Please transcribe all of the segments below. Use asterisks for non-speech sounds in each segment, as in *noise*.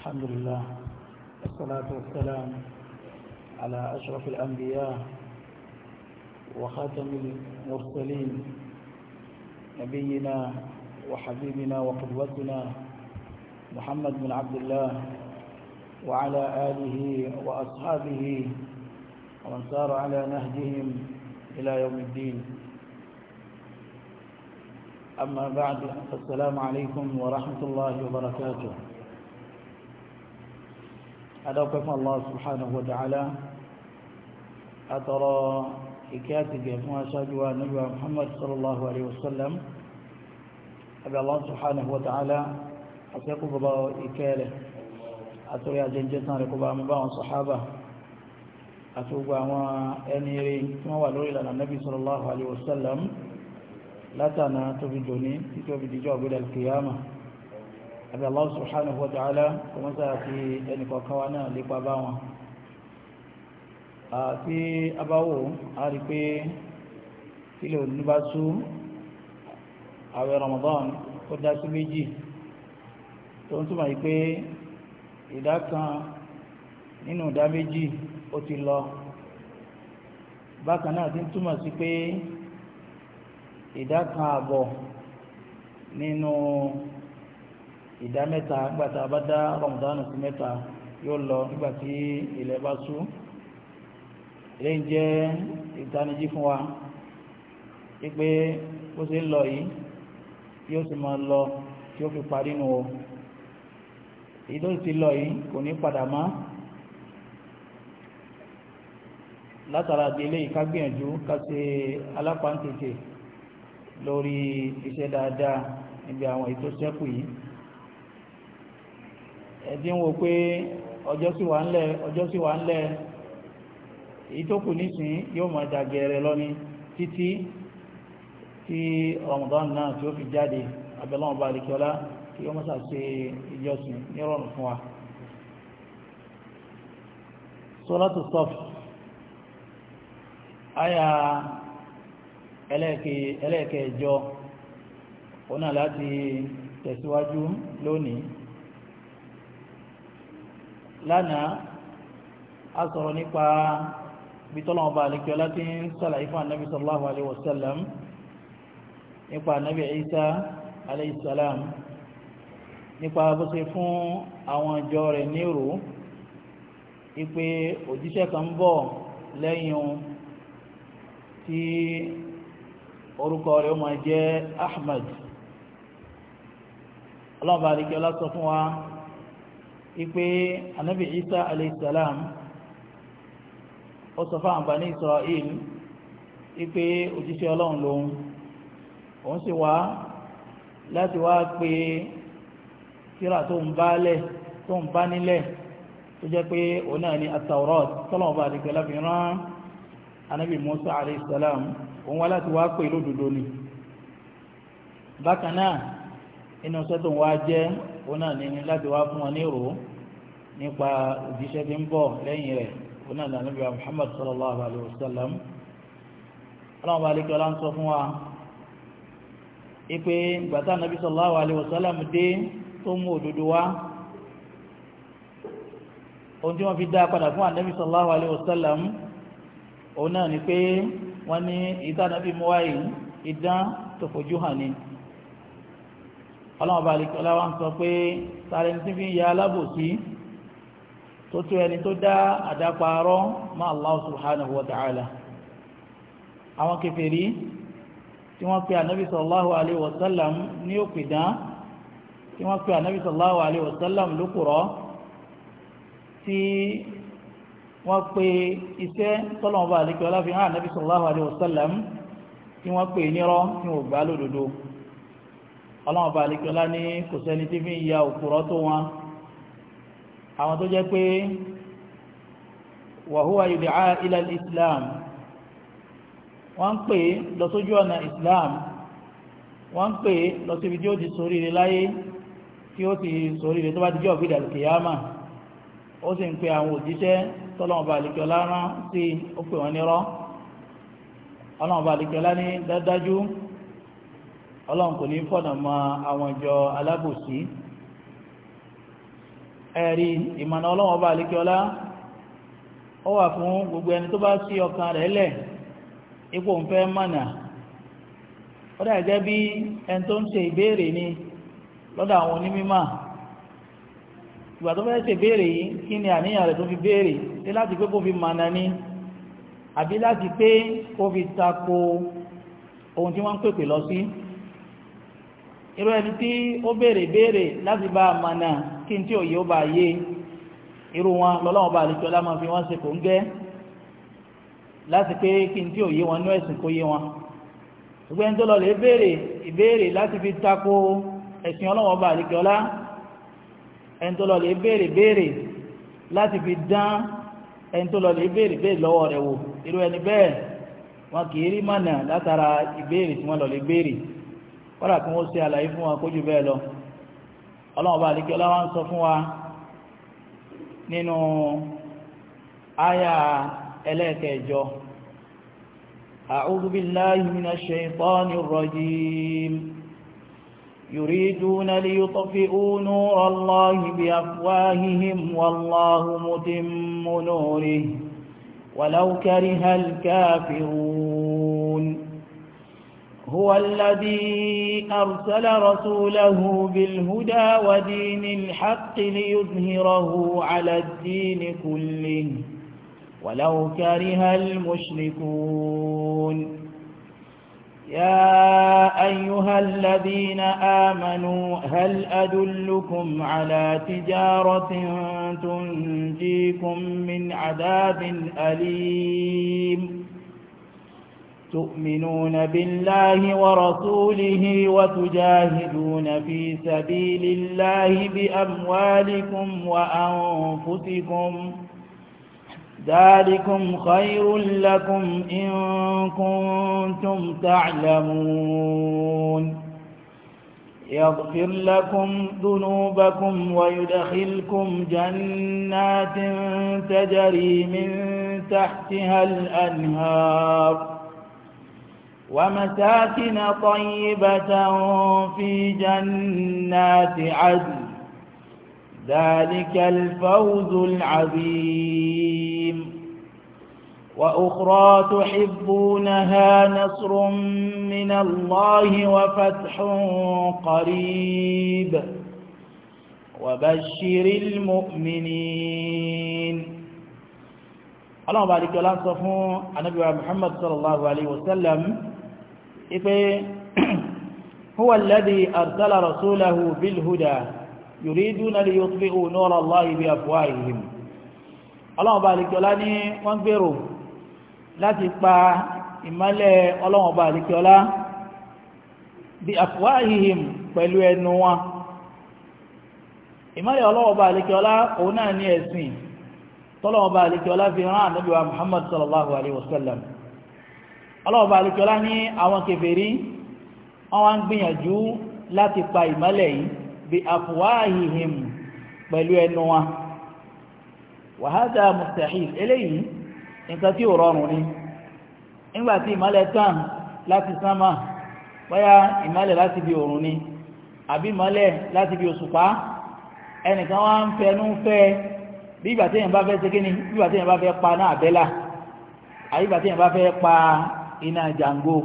الحمد لله والصلاة والسلام على أشرف الأنبياء وخاتم المرسلين نبينا وحبيبنا وقدوتنا محمد بن عبد الله وعلى آله وأصحابه ومن سار على نهجهم إلى يوم الدين أما بعد السلام عليكم ورحمة الله وبركاته adáwọ̀pẹ́ fún Allah subhanahu wa ta'ala àtọ̀rọ̀ ìkẹ́ àti gẹ̀ fún aṣáájú wa Ànábì wa Muhammad sallallahu alayhi wa sallam àbí Allah subhanahu wa ta'ala àṣẹ́kù bàbá ìkẹ́ rẹ̀ àtọ́rí àjẹjẹ́ tán rẹ̀ kó bá mú bá wọn sàhábà àti gbogbo àwọn ẹni rí tí wọ́n wà lórí ìlànà Ànábì sallallahu alayhi wa sallam látànà tóbi dòní títí ó fi dijọ́ ọ̀gbẹ́dẹ̀ kìyàmà àbí Allah subhanahu wa ta'ala kọmọ́sá àti ẹnìkọ̀ọ̀kan wa náà lépa bá wọn àti abáwò a rí pé kílẹ̀ òní bá tú àwẹ̀ Ramadan ó dá sí méjì tó ń túmọ̀ yìí pé ìdá kan nínú ìdá méjì ó ti lọ bákan náà ti ń túmọ̀ sí pé ìdá kan àbọ̀ nínú ìdá mẹ́ta nígbàtà bá dá rọmọdánù sí mẹ́ta yóò lọ nígbàtí ilẹ̀ bá sú ilé ń jẹ́ ìtanijí fún wa wípé ó sì ń lọ yìí yóò sì máa lọ tí ó fi parí nù o èyí tó ti lọ yìí kò ní padà mọ́ látara di eléyìí ká gbìyànjú ká ṣe alápáǹtètè lórí iṣẹ́ dáadáa níbi àwọn ètò ṣẹ́kù yìí ẹ̀dí ń wo pé ọjọ́ sì wà ń lẹ̀ ọjọ́ sì wà ń lẹ̀ èyí tó kù nísìn yóò títí tí Ramadan náà tí ó fi jáde abẹ́lọ́wọ̀n bá lè kí ó mọ́sà ṣe ìjọsìn fún wa sọ́lọ́tù sọ́f àyà náà láti tẹ̀síwájú lónìí lánàá a sọ̀rọ̀ nípa bí tọ́lọ̀ ọba àlekẹ́ láti ń sàlàyé fún anábì sallallahu alayhi wa sallam nípa anábì Isa alayhi salam nípa bó ṣe fún àwọn ìjọ rẹ̀ nírò ipe òjíṣẹ́ kan bọ̀ lẹ́yìn tí orúkọ rẹ̀ máa jẹ́ Ahmad ọlọ́ọ̀bá àlekẹ́ ọlá sọ fún wa ipe anabi isa aleyhisselam ó sọ fún àǹfààní israel ipe òjíṣẹ́ ọlọ́run lòun òun sì wá láti wá pé tírà tó ń bá lẹ̀ tó ń bá nílẹ̀ tó jẹ́ pé òun náà ni atawrat tọ́lọ̀wọ́ bá dìgbẹ̀ lábìrán anábì musa aleyhisselam òun wá láti wá pè lódodo ni bákan náà inú sẹ́tò wá jẹ́ òun náà ni láti wá fún wọn ní ìrò nípa òjíṣẹ́ tí ń bọ̀ lẹ́yìn rẹ̀ oná nàbí Muhammad sallallahu alayhi wa sallam ọlọ́run bá lékè ọlá ń sọ fún wa ipe gbàtà nàbí sallallahu alayhi wa sallam dé tó mú òdodo wá ohun tí wọ́n fi dá padà fún ànábì sallallahu alayhi wa sallam òun ni pé wọ́n ní ìdá nàbí mú wáyé idán tó fojú hàn ni ọlọ́run bá lékè ọlá pé sáré ní ti fi ya alábòsí tó tó ẹni tó dá àdáparọ́ mọ́ Allah subhanahu wa ta'ala àwọn kèfèrí tí wọ́n pe ànábì sallallahu alaihi wasallam ní òpìdán tí wọ́n pe ànábì sallallahu alaihi wasallam lókùrọ́ tí wọ́n pe iṣẹ́ tọ́lọ̀mọba àlekẹ́ ọláfihàn ànábì sallallahu alaihi wasallam tí wọ́n pe nírọ́ tí wọ́n gbà lódodo ọlọ́mọba àlekẹ́ ọlá ní kò tí fi ń ya òkúrọ́ tó wọn àwọn tó jẹ́ pé wàhúwà yud'a ila islam wọ́n ń pè lọ sójú ọ̀nà islam wọ́n ń pè lọ síbi tí ó ti ṣoríire láyé tí ó ti ṣoríire tó bá ti jẹ́ ọ̀gbìn àlùkìyàmà ó sì ń pe àwọn òjíṣẹ́ tọ́lọ́mọba àlùkìọ́lá rán sí ó pè wọ́n nírọ́ ọlọ́mọba àlùkìọ́lá ní dájú ọlọ́run kò ní fọ̀nà mọ àwọn ìjọ alábòsí ẹ̀rí ìmọ̀nà ọlọ́wọ́ bá alékiọlá ó wà fún gbogbo ẹni tó bá sí ọkàn rẹ̀ lẹ̀ ipò ń fẹ́ mọ̀nà ó dà gẹ́gẹ́ bí ẹni tó ń ṣe ìbéèrè ni lọ́dọ̀ àwọn onímọ̀ ìgbà tó fẹ́ ṣe béèrè yìí kí ni àníyàn rẹ̀ tó fi béèrè ṣé láti pé kó fi mọ̀nà ni àbí láti pé kó fi tako ohun tí wọ́n ń pèpè lọ sí irú ẹni tí ó béèrè béèrè láti bá a mọ̀nà kí n tí òye ó bá yé irú wọn lọ́lọ́wọ́n bá àlejò ọlá máa fi wọ́n ṣe kò ń gẹ́ láti pé kí n tí òye wọn nú ẹ̀sìn kó yé wọn ṣùgbọ́n ẹni tó lọ lè béèrè ìbéèrè láti fi tako ẹ̀sìn ọlọ́wọ́n bá àlejò ọlá ẹni tó lọ lè béèrè béèrè láti fi dán ẹni tó lọ lè béèrè béèrè lọ́wọ́ rẹ̀ wò irú ẹni bẹ́ẹ̀ wọn kì í rí mànà látara ìbéèrè tí wọ́n lọ lè béèrè kọ́dà ọlọ́ọ̀bá àdíkẹ́ ọlá wá ń sọ fún wa nínú àyà ẹlẹ́ẹ̀kẹjọ أعوذ بالله من الشيطان الرجيم يريدون ليطفئوا نور الله بأفواههم والله متم نوره ولو كره الكافرون هو الذي أرسل رسوله بالهدى ودين الحق ليظهره على الدين كله ولو كره المشركون يا أيها الذين آمنوا هل أدلكم على تجارة تنجيكم من عذاب أليم؟ تؤمنون بالله ورسوله وتجاهدون في سبيل الله بأموالكم وأنفسكم ذلكم خير لكم إن كنتم تعلمون يغفر لكم ذنوبكم ويدخلكم جنات تجري من تحتها الأنهار ومساكن طيبة في جنات عدن ذلك الفوز العظيم وأخرى تحبونها نصر من الله وفتح قريب وبشر المؤمنين اللهم بارك الله صفو النبي محمد صلى الله عليه وسلم ipe *clears throat* huwa alladhi arsala rasulahu bil huda yuriduna li yutfi'u nura allahi bi afwahihim Ọlọ́run ba alikiola ni wọ́n gbèrò láti pa ìmọ́lẹ̀ Ọlọ́run ba alikiola bi afwahihim pẹ̀lú ẹnu wọn ìmọ́lẹ̀ Ọlọ́run ba alikiola òun ni ẹ̀sìn tọ́lọ́run ba alikiola fi rán ànábì wa Muhammad sallallahu alaihi wasallam ọlọ́ọ̀bá alùkọ́lá ní àwọn kèfèrí wọ́n wá ń gbìyànjú láti pa ìmọ́lẹ̀ yìí bí afwahihim pẹ̀lú ẹnu wa wàhádà mustahil eléyìí nǹkan tí ò rọrùn ni nígbàtí ìmọ́lẹ̀ tàn láti sánmà bóyá ìmọ́lẹ̀ láti bí òrùn ni àbí ìmọ́lẹ̀ láti bí òṣùpá ẹnìkan wá ń fẹnu fẹ́ bí ìgbà tí èèyàn bá fẹ́ ṣe kíni bí ìgbà tí èèyàn bá iná jàǹgó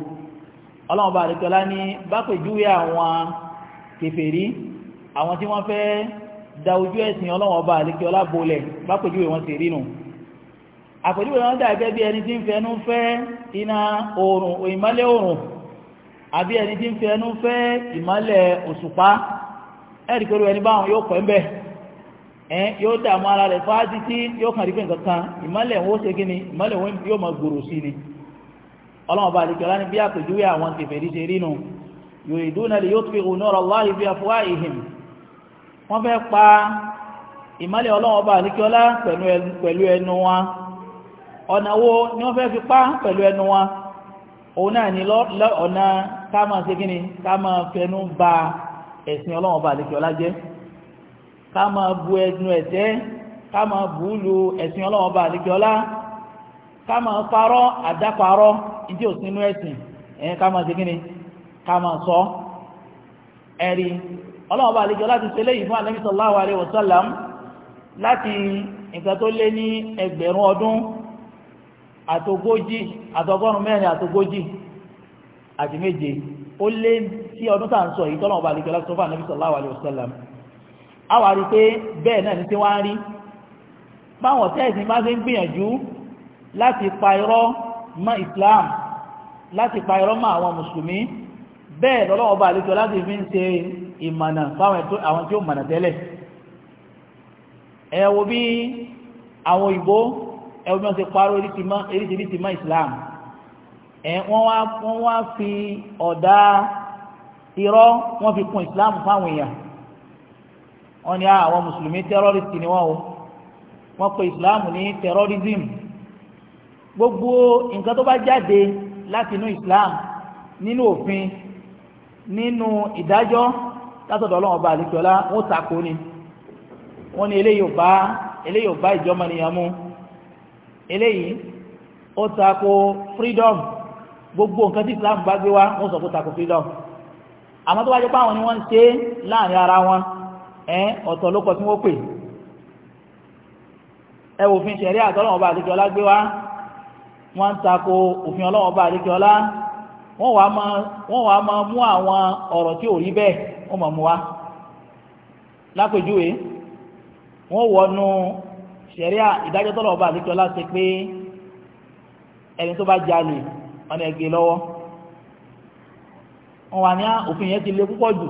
ọlọ́run bá àdìkọ́lá ní bápèjúwe àwọn kèfèrí àwọn tí wọ́n fẹ́ da ojú ẹ̀sìn ọlọ́run ọba àdìkọ́lá bolẹ̀ bápèjúwe wọn sì rí nù àpèjúwe wọn dà gẹ́gẹ́ bí ẹni tí ń fẹnu fẹ́ iná oòrùn ìmọ́lẹ̀ oòrùn àbí ẹni tí ń fẹnu fẹ́ ìmọ́lẹ̀ òṣùpá ẹ̀rì pẹ̀lú ẹni báwọn yóò pẹ́ mbẹ́ ẹ yóò dààmú ara rẹ̀ yóò ni ọlọ́run bá àdìkẹ́ ọlá ní bí àpèjúwe àwọn kèfèrí ṣe rí nù yuriduna liyutfi'u nura Allahi bi afwahihim wọ́n fẹ́ pa ìmọ́lẹ̀ ọlọ́run bá àdìkẹ́ ọlá pẹ̀lú ẹnu wa ọ̀nà wo ni wọ́n fẹ́ fi pa pẹ̀lú ẹnu wa òun náà ni ọ̀nà ká máa ṣe kí ni ká máa fẹnu bá àdìkẹ́ jẹ́ ká máa ẹnu ẹ̀tẹ́ ká máa bù ẹ̀sìn ọlọ́run bá àdìkẹ́ ọlá ká máa àdáparọ́ ní tí ò sínú ẹ̀sìn ẹ̀yìn ká máa ṣe kíni ká máa sọ ẹ̀rí ọlọ́ọ̀bá àlejò láti ṣe léyìí fún Ànábì sallallahu alaihi wasallam láti nǹkan tó lé ní ẹgbẹ̀rún ọdún àtogójì àtọgọ́rùn mẹ́rin àtogójì àti méje ó lé sí ọdún tàà ń sọ èyí tọ́lọ́ọ̀bá àlejò láti sọ fún Ànábì sallallahu alaihi wasallam a wà rí pé bẹ́ẹ̀ náà ní tí wọ́n á rí báwọn tẹ́ẹ̀sì bá ṣe ń gbìyànjú láti pa irọ́ ma islam láti pa irọ́ ma àwọn mùsùlùmí bẹ́ẹ̀ lọ́lọ́wọ́ bá àlejò láti fi ń ṣe ìmọ̀nà fáwọn àwọn tí ó mọ̀nà tẹ́lẹ̀ ẹ wo bí àwọn òyìnbó ẹ wo bí wọ́n ṣe parọ́ eréṣiríṣi mọ́ islam ẹ wọ́n wá fi ọ̀dà irọ́ wọ́n fi kún islam fáwọn èèyàn wọ́n ní ah, àwọn mùsùlùmí tẹ́rọ́rìsì ni wọ́n o wọ́n pe islam ní tẹ́rọ́rìsìmù gbogbo nǹkan tó bá jáde láti inú islam nínú òfin nínú ìdájọ́ látọ̀dọ̀ ọlọ́run ọba àlejòlá wọ́n tako ni wọ́n ní eléyìí ò bá eléyìí ò bá ìjọmọnìyàn mu eléyìí ó tako freedom gbogbo nǹkan tí islam bá gbé wá wọ́n sọ pé tako freedom àmọ́ tó bá jẹ́ pé àwọn ni wọ́n ń ṣe láàrin ara wọn ẹ̀ ọ̀tọ̀ ló kọ tí wọ́n pè ẹ wò ṣẹ̀rí àtọ́lọ́wọ́n ọba àlejòlá gbé wá wọ́n ń tako òfin ọlọ́run ọba àdékẹ́ọ́lá wọ́n wàá máa mú àwọn ọ̀rọ̀ tí ò rí bẹ́ẹ̀ wọ́n máa mú wá lápèjúwe wọ́n wọnú sẹ̀ríà ìdájọ́ tọ́lọ̀ ọba àdékọ́lá ṣe pé ẹni tó bá jalè ọ̀nà ẹ̀gbẹ́ e lọ́wọ́ wọn wà ní ah, òfin yẹn ti lé púpọ̀ jù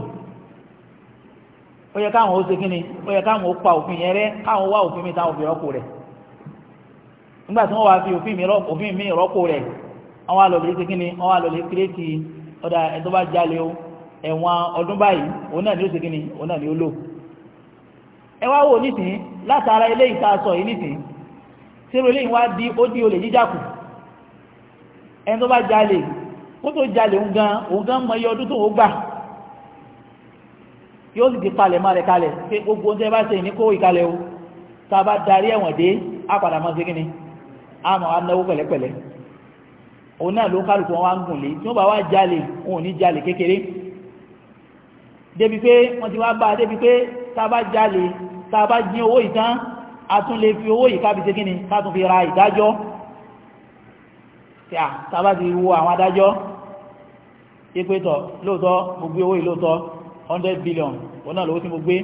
ó yẹ káwọn ó ṣe kí ni ó yẹ káwọn ó pa òfin yẹn rẹ́ káwọn wá òfin mi táwọn òfin ọkọ rẹ̀ nígbà tí wọ́n wá fi òfin mi rọ́pò rẹ̀ wọ́n wá lọ́lẹ̀ ṣe kíni wọ́n wá lọ́lẹ̀ kírétì ọ̀dà ẹ̀tọ́ bá jalè o ẹ̀wọ̀n ọdún báyìí òun náà ni ó ṣe kíni òun náà ni ó lò ẹ wá wò nísìnyí di ó di olè jíjà kù ẹni tó bá jalè kó tó jalè òun gan òun gan mọ iye ọdún tó ń gbà yóò sì ti palẹ̀ máa rẹ̀ kalẹ̀ pé gbogbo oúnjẹ bá ṣe ìníkó ìkalẹ̀ o tá bá darí ẹ̀wọ̀n dé á sí kíni àmọ́ wa náwó pẹ̀lẹ́pẹ̀lẹ́ òun náà ló kálukú wọn wá ń gùn lé tí wọ́n bá wá jalè òun ní jalè kékeré débi pé wọ́n ti wá bá débi pé tá a bá jalè tá a bá jí owó ìtán a tún lè fi owó yìí kábi hundred billion wọn náà lówó tí mo gbé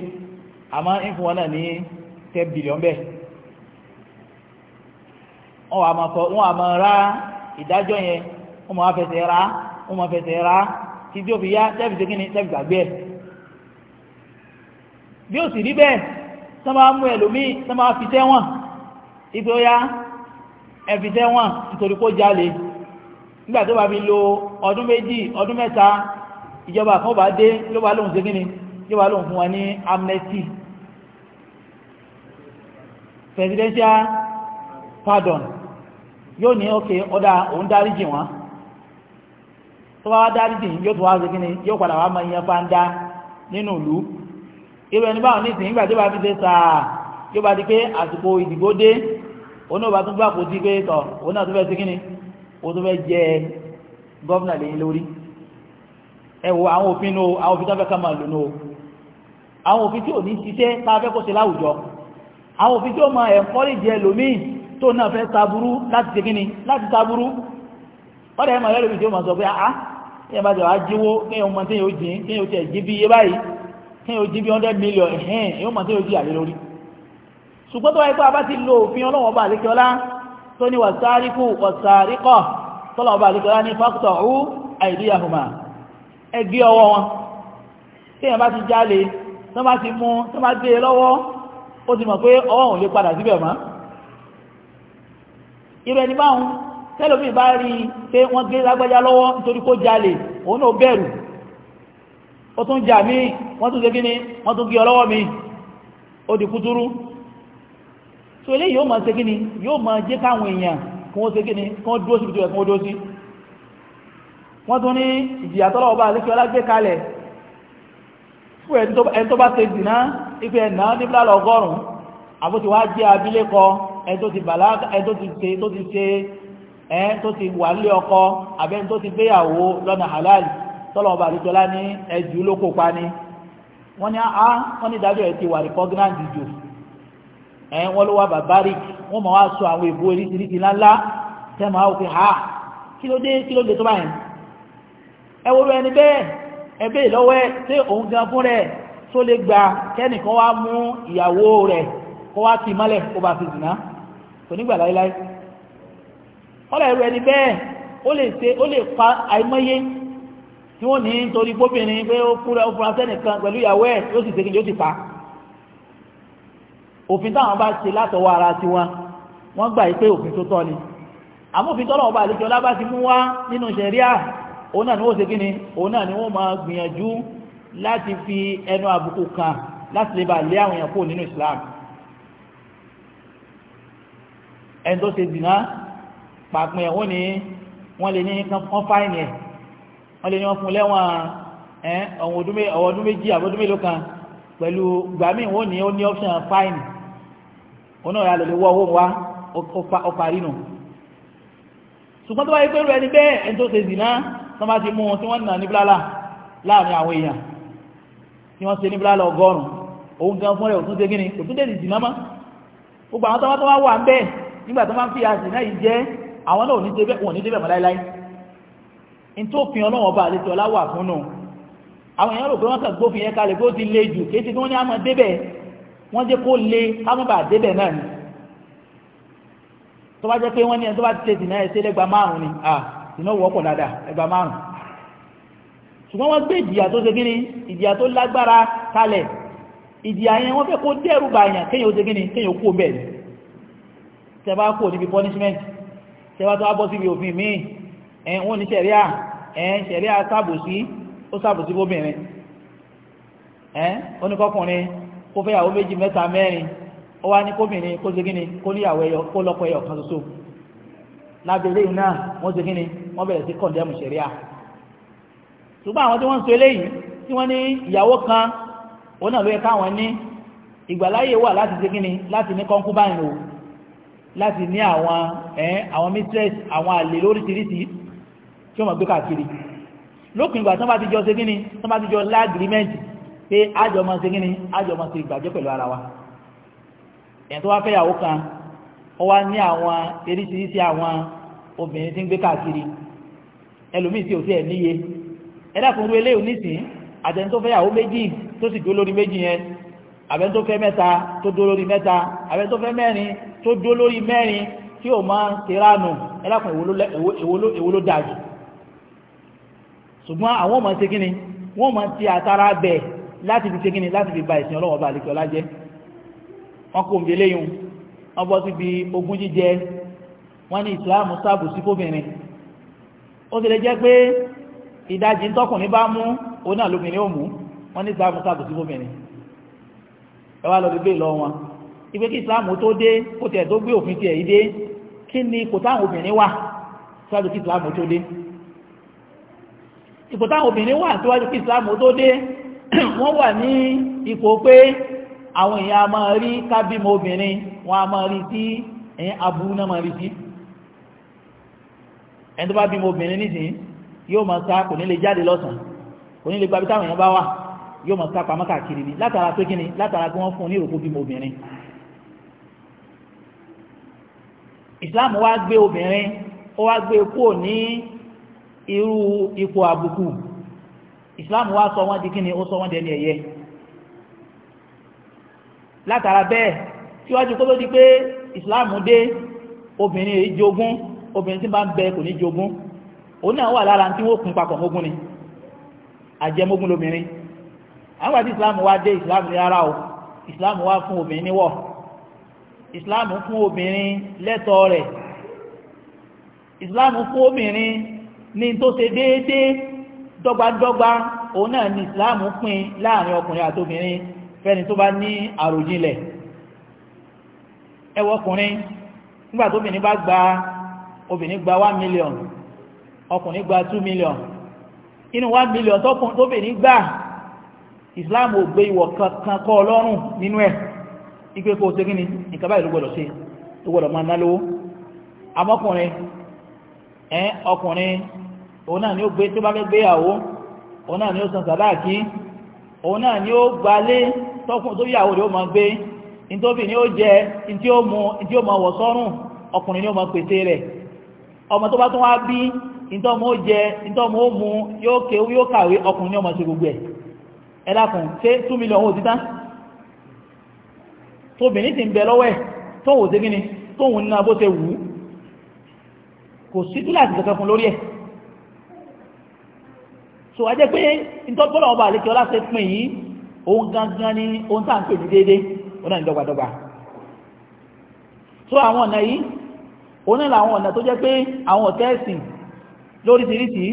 àmọ́ ten billion bẹ́ẹ̀ wọ́n wà máa sọ wọ́n wà máa ra ìdájọ́ yẹn wọ́n máa fẹsẹ̀ ra wọ́n máa fẹsẹ̀ ra tí tí ó fi yá tẹ́fì tó kíni tẹ́fì gbàgbé ẹ̀. bí ó sì rí bẹ́ẹ̀ tó máa mú ẹlòmíì tó máa fi tẹ́wọ̀n ipò ya ẹ fi tẹ́wọ̀n nítorí kó jalè nígbà tó bá fi lo ọdún méjì ọdún mẹ́ta ìjọba kan bá dé ló bá lóhùn sí kíni ìjọba lóhùn fún wa ní amnesty presidential pardon yóò ní ókè ọdá òun dáríjì wọn tó bá wá dáríjì yóò tó wá sí kíni yóò padà wá máa yan fáńdá nínú ìlú irú ẹni báwọn ní ìsìn nígbà tí ó bá fi ṣe sàá yóò bá di pé àsìkò ìdìbò dé òun náà bá tún bá kò di pé tọ òun náà tó fẹ́ sí kíni òun tó fẹ́ jẹ gọ́vnà lẹ́yìn lórí ẹ wo àwọn òfin nù àwọn òfin tó fẹ́ ká máa lò nù àwọn òfin tí ò ní ṣiṣẹ́ tá a fẹ́ kó ṣe láwùjọ àwọn òfin tí ó máa ẹ̀ńkọ́rìjì ẹlòmíì tó náà fẹ́ taburú láti ṣe gíní láti taburú ọ̀rẹ́ ẹmọ̀ ẹlẹ́rìí tí ó máa sọ pé àá ẹ̀yẹ bá jẹ́ wá jíwó kéèyàn ọmọ tí yóò jìn kéèyàn tẹ̀ jí bí iye báyìí kéèyàn jí bí hundred million ẹ̀hẹ́n èyàn mọ̀ tí yóò jí àlè lórí ṣùgbọ́n tó wáyé pé a bá ti lo òfin ọlọ́wọ́n bá àlékẹ́ ọlá tó ní wàsáríkù wàsáríkọ̀ tọ́lọ́wọ́n gbé e lọ́wọ́ ó ti mọ̀ pé ọwọ́ òun lè padà síbẹ̀ mọ́ irú ẹni báhùn tẹ́lómi bá rí pé wọ́n gé lágbájá lọ́wọ́ nítorí kó jalè òun náà bẹ̀rù ó tún jà mí wọ́n tún segí ni wọ́n tún gí ọlọ́wọ́ mi ó di kútúrú so eléyìí yóò máa segí ni yóò máa jẹ́ káwọn èèyàn kún ó segí ni kún ó dúró sí ibi kún ó dúró sí wọ́n tún ní ìjìyà tọ́lọ́wọ́ bá lékè ọlá gbé kalẹ̀ fún ẹni tó ẹni tó ti bàlágà ẹni tó ti ṣe tó ti ṣe ẹni tó ti wà nílé ọkọ àbí ẹni tó ti gbéyàwó lọ́nà halal tọ́lọ̀ ọba àdìjọlá ní ẹjù ló kópa ni wọ́n ní a wọ́n ní ìdájọ́ ẹ̀ ti wà repugnant jù ẹ̀ wọ́n ló wá barbaric wọ́n mọ̀ wá sọ àwọn èbó eríṣiríṣi ńláńlá tẹ́ máa wò pé ha kí ló dé kí ló dé tó báyìí ẹ wo ẹni bẹ́ẹ̀ ẹ bẹ́ẹ̀ lọ́wọ́ ẹ ṣé òun gan fún rẹ̀ tó lè gbà kẹ́nìkan wá mú ìyàwó rẹ̀ kó wá ti mọ́lẹ̀ kó bá fi dùn náà kò nígbà láíláí ọ̀rọ̀ ẹ̀rọ ẹni bẹ́ẹ̀ ó lè ṣe ó lè pa àìmọye tí wọ́n ní nítorí gbóbìnrin pé ó kúrẹ́ ó fúnra sẹ́nìkan pẹ̀lú ìyàwó ẹ̀ yóò sì ṣèkejì ó ti pa òfin táwọn bá ṣe látọwọ́ ara ti wọn wọ́n gbà pé òfin tó tọ́ ni àmófin tọ́lọ̀ ọba àlejò ọlá ti mú wá nínú ṣẹ̀ríà òun náà ni wọ́n ṣe kí ni òun náà ni wọ́n máa gbìyànjú láti fi ẹnu àbùkù kan láti lè bà lé àwọn èèyàn kúrò nínú Islam ẹni tó ṣe zìnà pàpín ẹ̀wọ́n ni wọ́n lè ní wọ́n fáìnì ẹ̀ wọ́n lè ní wọ́n fún lẹ́wọ̀n ọ̀wọ̀ ọdún méjì àbọ̀dún mélòó kan pẹ̀lú gbàmí wọ́n ní ó ní option fáìnì òun náà lè wọ́ owó wa ó parí nù ṣùgbọ́n tó wáyé pé rẹ̀ ní bẹ́ẹ̀ ẹni tó ṣe zìnà tó bá ti mú wọn tí wọ́n nà ní bílálà láàrin àwọn èèyàn tí wọ́n ṣe ní bílálà ọgọ́rùn-ún òun gan fún rẹ̀ òtún ṣe gíní òtún dé nígbà tó máa ń fi àṣì náà yìí jẹ́ àwọn náà ò ní débẹ̀ wọn ò ní débẹ̀ mọ́ láíláí ní tó fi ọlọ́wọ́n ọba àlejò ọláwà fún nù àwọn èèyàn rò pé wọ́n kàn gbófin yẹn kalẹ̀ pé ó ti le jù kéde tí wọ́n ní àmọ́ débẹ̀ wọ́n jẹ́ kó le kámọ́bà débẹ̀ náà ni tó bá jẹ́ pé wọ́n ní ẹni tó bá ti tètè ni à ìná ni tẹ́bá kò níbi punishment tẹ́bá tó wá bọ́ síbi òfin míì ẹ̀ wọ́n ní ṣẹ̀ríà ẹ̀ ṣẹ̀ríà sàbòsí ó sàbòsí fóbìnrin ẹ̀ ó ní kọkùnrin kó fẹ́ yàwó méjì mẹ́ta mẹ́rin ó wá ní kóbìnrin kó ṣe gíní kó níyàwó ẹyọ kó lọ́kọ ẹyọ kan ṣoṣo lábẹ́lẹ́ yìí náà wọ́n ṣe gíní wọ́n bẹ̀rẹ̀ sí kọ̀ndẹ́mù ṣẹ̀ríà ṣùgbọ́n àwọn tí wọ́n ń sọ wà láti ṣe gíní láti ní kọ́ńkú báyìí láti ní àwọn ẹ́ àwọn mistress àwọn àlè lóríṣiríṣi tí ó mọ̀ gbé káàkiri lókùn ìgbà tán bá ti jọ ṣe gíní tán bá ti jọ lágrímẹ́ntì pé ájọmọ́ ṣe gíní ájọmọ́ ṣe ìgbàjẹ́ pẹ̀lú ara wa ẹ̀yìn tó wá fẹ́ ìyàwó kan ó wá ní àwọn eríṣiríṣi àwọn obìnrin tí ń gbé káàkiri ẹlòmíì tí ò sí ẹ̀ níye ẹ̀dàkùnrin ilé onísìn àtẹni tó fẹ́ ìyàwó méjì tó sì dó lórí méjì yẹn àbẹ́ni tó fẹ́ mẹ́ta tó dó lórí mẹ́ta àbẹ́ni tó fẹ́ mẹ́rin tó dó lórí mẹ́rin tí ó máa ń tẹ́ránù ẹlákùn èwo ló dájú ṣùgbọ́n àwọn ọmọ ṣe gíní wọ́n máa ti àtàrà bẹ̀ láti fi ṣe gíní láti fi ba ìsìn ọlọ́wọ́ bá àlekẹ́ ọlá jẹ́ wọ́n kò ń bẹ léyìn wọ́n bọ́ síbi ogún jíjẹ wọ́n ní ìsìláàmù sáàbù sí fóbìnrin ó ti lè jẹ́ pé ìdajì ń tọkùnrin bá mú òun náà ó mú wọ́n ní ìsìláàmù sáàbù sí fóbìnrin ẹ wá lọ bíbélì lọ wọn ìgbé kí islam tó dé kó tẹ̀ tó gbé òfin tiẹ̀ yìí dé kí ni kò táwọn obìnrin wà síwájú kí islam tó dé ipò táwọn obìnrin wà síwájú kí islam tó dé *clears throat* wọ́n wà ní ipò pé àwọn èèyàn a máa rí kábímọ obìnrin wọn a máa rí sí ẹ̀yìn aburú náà máa rí sí ẹni tó bá bímọ obìnrin nísìnyí yóò máa sá kò ní lè jáde lọ́sàn kò ní lè gbabi táwọn èèyàn bá wà yóò máa sá pamọ́ káàkiri ni látara pé kíni látara pé wọ́n fún un ní ìròkó bímọ obìnrin islam wá gbé obìnrin ó wá gbé kúrò ní irú ipò àbùkù islam wá sọ wọ́n di kí ni ó sọ wọ́n dẹni ẹ̀yẹ látara bẹ́ẹ̀ síwájú kó tó di pé islam dé obìnrin èyí jogún obìnrin tí bá ń bẹ kò ní jogún òun náà wà lára tí wọ́n kún papọ̀ mógún ni àjẹmógún lóbìnrin àwọn àti islam wá dé islam ní ara o islam wá fún obìnrin níwọ̀ islam fún obìnrin lẹ́tọ̀ọ́ rẹ̀ islam fún obìnrin ní tó ṣe déédéé dọ́gbadọ́gba òun náà ni islam pín láàrin ọkùnrin àtobìnrin fẹ́ni tó bá ní àròjinlẹ̀ ẹwọ ọkùnrin nígbà one million ọkùnrin gba two million inú one million tóbìnrin gbà islam ò gbé ìwọ̀ kankan kọ́ ọlọ́run nínú ẹ̀ ipe kó ṣe gíní nǹkan báyìí ló gbọ́dọ̀ ṣe ló gbọ́dọ̀ amọ́kùnrin ẹ ọkùnrin òun náà ni ó gbé tó bá fẹ́ gbéyàwó òun ni ó san sàdáàkí òun náà ni ó gbalé tọkùn tó yàwó rẹ̀ ó máa gbé ni ó jẹ ó ó máa wọ̀ sọ́rùn ni ó máa pèsè rẹ̀ ọmọ tó bá tún wá bí ntọ́mọ ó jẹ ntọ́mọ ó mu tóbìnrin sì ń bẹ lọ́wọ́ ẹ̀ tóhùn sí gíní tóhùn náà bó ṣe wù ú kò sí túláàsì kankan fún lórí ẹ̀ so a jẹ́ pé ìtọ́gbọ́lọ̀ ọba àlékẹ́ ọlá ṣe pín yìí ohun gangan ni ohun tá ń pè ní déédé ọ̀nà ní so àwọn ọ̀nà yìí òun náà làwọn ọ̀nà tó jẹ́ pé àwọn ọ̀tẹ́ẹ̀sìn lóríṣiríṣi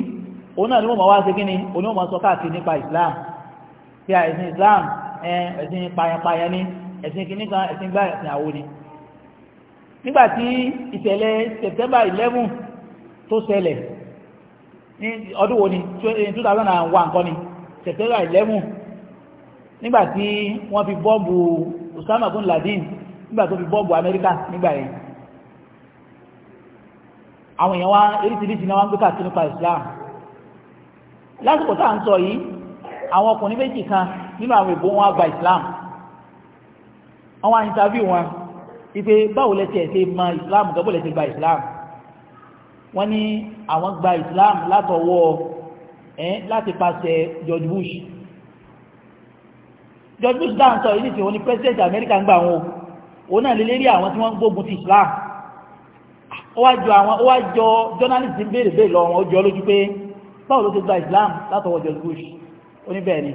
òun náà ni wọ́n máa wá ṣe kí ni wọ́n sọ káàkiri nípa Islam bí i ẹ̀sìn Islam ni ẹ̀sìn kìíní kan ẹ̀sìn gbá ẹ̀sìn àwo ni nígbà tí ìṣẹ̀lẹ̀ September eleven tó ṣẹlẹ̀ ní ọdún wo ni two thousand and one kọ́ September eleven nígbà tí wọ́n fi bọ́ọ̀bù Osama bin Laden nígbà tó fi bọ́ọ̀bù Amẹ́ríkà nígbà yẹn àwọn èèyàn wa eréṣiríṣi náà wá ń gbé káàkiri nípa Islam lásìkò tá à ń sọ yìí àwọn ọkùnrin méjì kan nínú àwọn ìbò wọn gba Islam wọ́n wá interview wọn ipe báwo lẹ́tẹ̀ ṣe mọ islam gbọ́bọ̀ lẹ́tẹ̀ gba islam wọ́n ní àwọn gba islam látọwọ́ ẹ̀ láti pàṣẹ George Bush George Bush dáhùn sọ ìdí tí wọ́n ní president America ń gbà wọn o òun náà lè lérí àwọn tí wọ́n gbógun ti islam ó wá jọ àwọn ó wá jọ journalist ń béèrè béèrè lọ wọn ó jọ lójú pé báwo ló ti gba islam látọwọ́ George Bush ó ní bẹ́ẹ̀ ni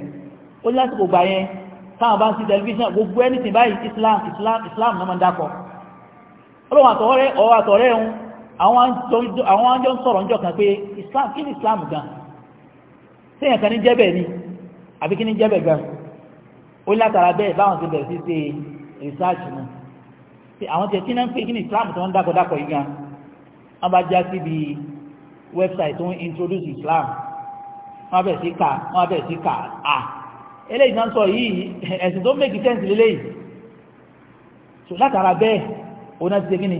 ó ní lásìkò gbà yẹn táwọn bá ń sí tẹlifíṣàn gbogbo anything báyìí islam islam islam náà máa ń dákọ̀ ọlọ́wọ́ àtọ̀rẹ́ ọwọ́ àtọ̀rẹ́ ẹ̀hún àwọn àjọ ń sọ̀rọ̀ níjọ kan pé islam kí ni islam gan sẹ́yìn kan ní jẹ́bẹ̀ ni àbí kí ni jẹ́bẹ̀ gan ó látara bẹ́ẹ̀ báwọn ti bẹ̀rẹ̀ sí ṣe research mu ṣe àwọn tiẹ̀ tí náà ń pè kí ni islam tó ń dákọ̀ dákọ̀ yìí gan wọ́n bá já síbi website tó ń introduce islam wọ́n bẹ̀rẹ̀ sí kà wọ́n bẹ̀rẹ̀ sí kà á. Ah, eléyìí náà sọ yìí ẹ̀sìn tó mẹ́kì tẹ́ǹsì lélẹ́yìí so látara bẹ́ẹ̀ òun náà ti ṣe kíni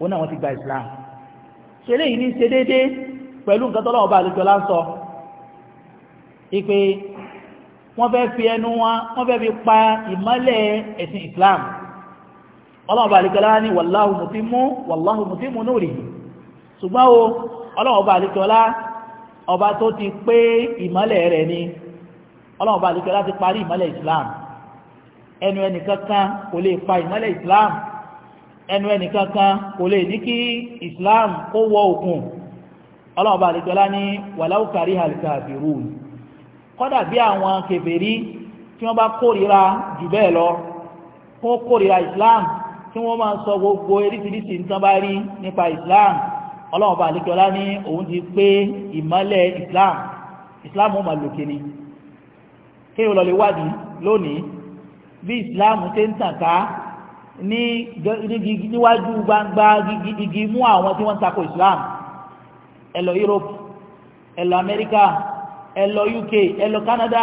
òun náà wọ́n ti gba Islam so eléyìí ní ṣe déédéé pẹ̀lú nǹkan tó lọ́wọ́ bá àlejò lá ń ipe wọ́n fẹ́ fi ẹnu wọn wọ́n fẹ́ fi pa ìmọ́lẹ̀ ẹ̀sìn Islam ọlọ́wọ́ bá àlejò lá ní wàláhù mùtímù wàláhù mùtímù nurihi ṣùgbọ́n o ọlọ́wọ́ bá àlejò lá ọba tó ti pé ìmọ́lẹ̀ rẹ̀ ni ọlọ́run bá àlekẹ́ láti parí ìmọ́lẹ̀ islam ẹnu ẹnìkankan kò lè pa ìmọ́lẹ̀ islam ẹnu ẹnìkankan kò lè ní kí islam kó wọ òkun ọlọ́run bá àlekẹ́ lá ní wàláwù kárí àlùkà àbẹ̀rù kọ́dà bí àwọn kèfèrí tí wọ́n bá kórìíra jù bẹ́ẹ̀ lọ kó kórìíra islam tí wọ́n máa sọ gbogbo eríṣiríṣi nǹkan bá rí nípa islam ọlọ́run bá àlekẹ́ lá ní òun ti pé ìmọ́lẹ̀ islam islam ó máa lòkè ni kí o lọ lè wádìí lónìí bí islam ṣe ń tàn ká ní níwájú gbangba igi mú àwọn tí wọ́n ń takò islam ẹ europe ẹ america ẹ uk ẹ canada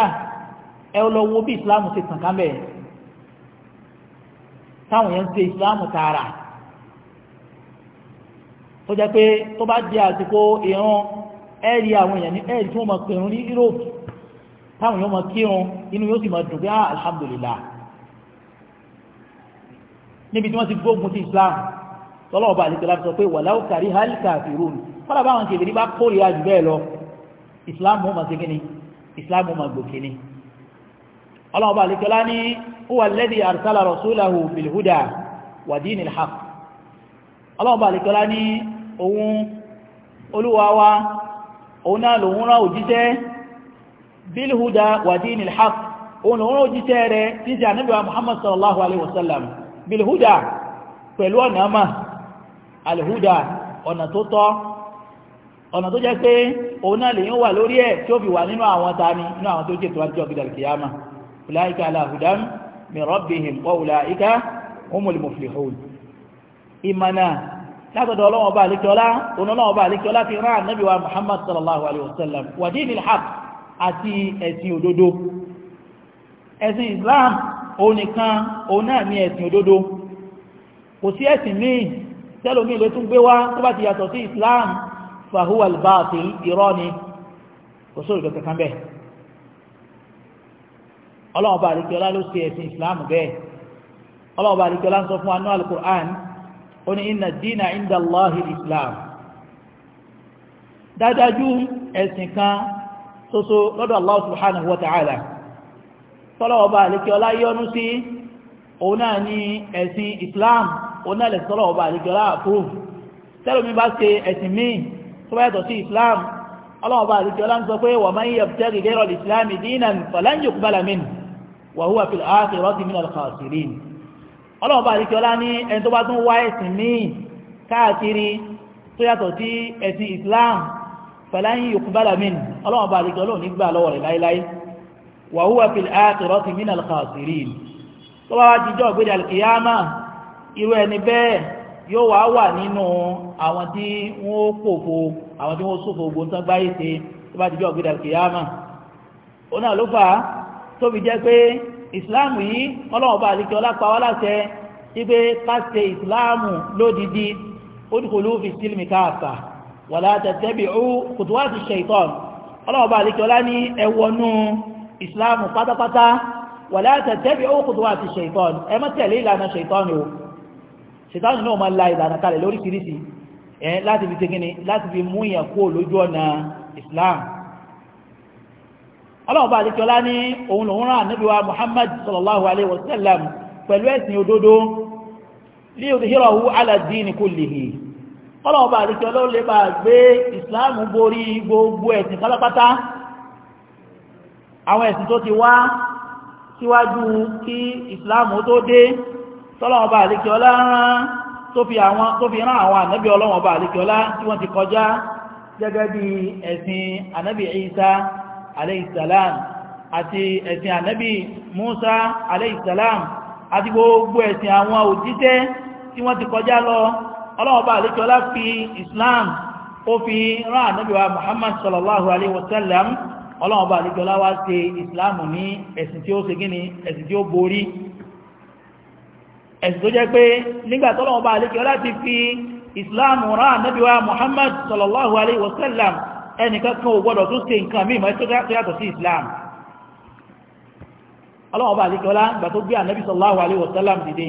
ẹ lọ wo bí islam ṣe tàn ká mẹ́ẹ̀ táwọn yẹn ń ṣe islam tààrà tó jẹ́ pé tó bá di àsìkò ìran ẹ̀rí àwọn èèyàn ní ẹ̀rí tí wọ́n mọ̀ pẹ̀rún ní europe táwọn yóò máa kírun inú yóò sì máa dùn pé ah alhamdulillah níbi tí wọ́n ti gbógun ti islam tọ́lọ́ ọba àti tẹ́lá sọ pé walau karihal kafirun kọ́lá báwọn kèbèrè bá kórìíra jù bẹ́ẹ̀ lọ islam ó máa ṣe kí ni islam ó máa gbòkè ni ọlọ́ọ̀bá àlekọ́lá ní huwa alladhi arsala rasulahu bil huda wa dinil haqq ọlọ́ọ̀bá àlekọ́lá ní ohun olúwa wa òun náà lòun rán òjíṣẹ́ bilhuda wa dinil haq òun lòun ó jíṣẹ́ rẹ̀ tí jẹ́ ànábì wa muhammad sallallahu alaihi wasallam bilhuda pẹ̀lú ọ̀nà mà alhuda ọ̀nà tó tọ́ ọ̀nà tó jẹ́ pé òun náà lèyìn wà lórí ẹ̀ tí ó fi wà nínú àwọn tani nínú àwọn tó jẹ́ tó wájú ọ̀gbìdà kìyàmà ulaika ala hudan min rabbihim wa ulaika humul muflihun látọ̀dọ̀ ọlọ́wọ́ bá àlékiọlá òun rán ànábì muhammad sallallahu alaihi wasallam wa dinil haq àti ẹ̀sìn òdodo ẹ̀sìn Islam òun nìkan òun náà ní ẹ̀sìn òdodo kò sí ẹ̀sìn míì tẹ́lómi ló tún gbé wá tó bá ti yàtọ̀ sí Islam fahuwa al-batil irọ́ ni kò sóòrò dọ̀kẹ̀ kan bẹ́ẹ̀ ọlọ́run bá ló ṣe ẹ̀sìn Islam bẹ́ẹ̀ ọlọ́run bá ń sọ fún wa ní ó ní inna ad-dina islam dájájú ẹ̀sìn kan soso lọ́dọ̀ Allah subhanahu wa ta'ala tọ́lọ̀ọba àlekíọlá yọ́nú sí òun náà ni ẹ̀sìn Islam òun náà lẹ̀sìn tọ́lọ̀ọba àlekíọlá approve tẹ́lómi bá ṣe ẹ̀sìn míì tó bá yàtọ̀ sí Islam ọlọ́ọba àlekíọlá ń sọ pé wa man yabtaghi ghayra al-islami dinan falan yuqbala minhu wa huwa fil akhirati min al-khasirin ọlọ́ọba àlekíọlá ní ẹni fẹ̀láyìn yòókù bá lámìn ọlọ́run bá àdìgbà ọlọ́run nígbà lọ́wọ́ rẹ̀ láíláí wà húwà fi àtọ̀rọ̀ ti mínà kàṣírí tó bá wá jíjọ́ ògbédè alkiyama irú ẹni bẹ́ẹ̀ yóò wá wà nínú àwọn tí wọ́n pòfo àwọn tí wọ́n sófo ogun tán gbáyé ṣe tó bá jíjọ́ ògbédè alkiyama ó náà ló fà á tó fi jẹ́ pé ìsìláàmù yìí ọlọ́run bá wàlá tẹ̀tẹ̀bìú kùtùwàtì ṣẹ̀tọ́n ọlọ́ọ̀bá àdíkọ́lá ní ẹwọnú islam pátápátá wàlá tẹ̀tẹ̀bìú kùtùwàtì ṣẹ̀tọ́n ẹ má tẹ̀lé ìlànà ṣẹ̀tọ́n o ṣẹ̀tọ́n náà máa la ìlànà kalẹ̀ lóríṣiríṣi ẹ láti fi tegini láti fi mú ìyàn kúrò lójú ọ̀nà islam ọlọ́ọ̀bá àdíkọ́lá ní òun lòun rán ànábì wa kọ́lọ̀wọ́ bá àríkẹ́ ọlọ́run lè bá gbé ìsìláàmù borí gbogbo ẹ̀sìn kálápátá àwọn ẹ̀sìn tó ti wá síwájú kí ìsìláàmù tó dé tọ́lọ̀wọ́ bá àríkẹ́ ọlá rán tó fi rán àwọn ànábì ọlọ́wọ́ bá àríkẹ́ ọlá tí wọ́n ti kọjá gẹ́gẹ́ bí ẹ̀sìn ànábì Isa aleyhisselam àti Musa aleyhisselam àti gbogbo ẹ̀sìn àwọn òjíṣẹ́ tí wọ́n ti kọjá lọ ọlọ́ọ̀bá àlékiọlá fi islam ó fi rán ànábíwá muhammad sallallahu alaihi wasallam ọlọ́ọ̀bá àlékiọlá wá ṣe islam ní ẹ̀sìn tí ó ṣe gíní ẹ̀sìn tí ó borí ẹ̀sìn tó jẹ́ pé nígbàtọ́lọ́ọ̀bá àlékiọlá ti fi muhammad sallallahu alaihi wasallam ẹnìkan kan ò gbọ́dọ̀ tó ṣe nǹkan mímọ̀ islam ọlọ́ọ̀bá àlékiọlá gbà tó gbé ànábí sallallahu alaihi wasallam dìde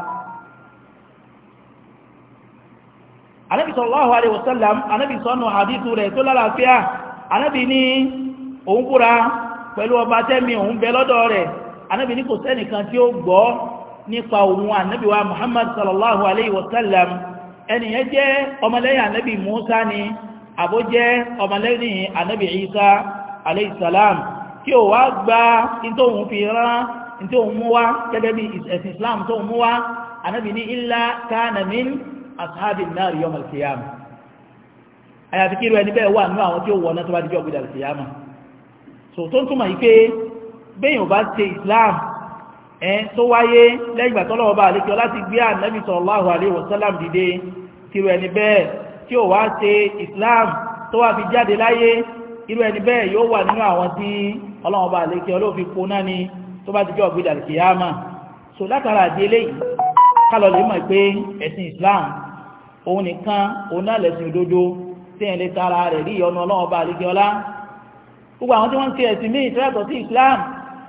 anábì sallallahu alaihi wasallam anábì sọ́nà àdìsù rẹ̀ tó lálàáfíà anábì ní òun búra pẹ̀lú ọba tẹ́mi òun bẹ lọ́dọ̀ rẹ̀ anábì ní kò sẹ́nìkan tí ó gbọ́ nípa òun anábì wa muhammad sallallahu alaihi wasallam ẹnìyẹn jẹ́ ọmọlẹ́yìn anábì musa ni àbó jẹ́ ọmọlẹ́yìn anábì isa alaihi salam kí o wá gba ìtòhun fi rán ìtòhun mú wá gẹ́gẹ́ bí ẹ̀sìn illa kana ashabi náà yọmọ ìkìyàmù àyàfi kí irú ẹni bẹ́ẹ̀ wà nínú àwọn tí ó wọ náà tó bá dijọ́ gbé dàlùkì yàmà so tó ń túmọ̀ yìí pé béèyàn bá ṣe Islam ẹ tó wáyé lẹ́yìn ìgbà tọ́lọ́wọ́ bá àlékè láti gbé ànábì sallallahu alaihi wasallam dìde kí irú ẹni bẹ́ẹ̀ tí ó wá ṣe Islam tó wá fi jáde láyé irú ẹni bẹ́ẹ̀ yóò wà nínú àwọn tí ọlọ́wọ́ bá àlékè olófin kóná ni tó bá dijọ́ gbé dàlùkì yàmà so látara àdéléyìí kálọ̀ lè mọ̀ pé ẹ̀sìn Islam òun nìkan òun náà lẹ̀sìn òdodo tí ẹ̀ lè tara rẹ̀ rí ìyọnu ọlọ́run ọba àlejò ọlá gbogbo àwọn tí wọ́n ń ṣe ẹ̀sìn míì tẹ́lẹ̀tọ̀ sí Islam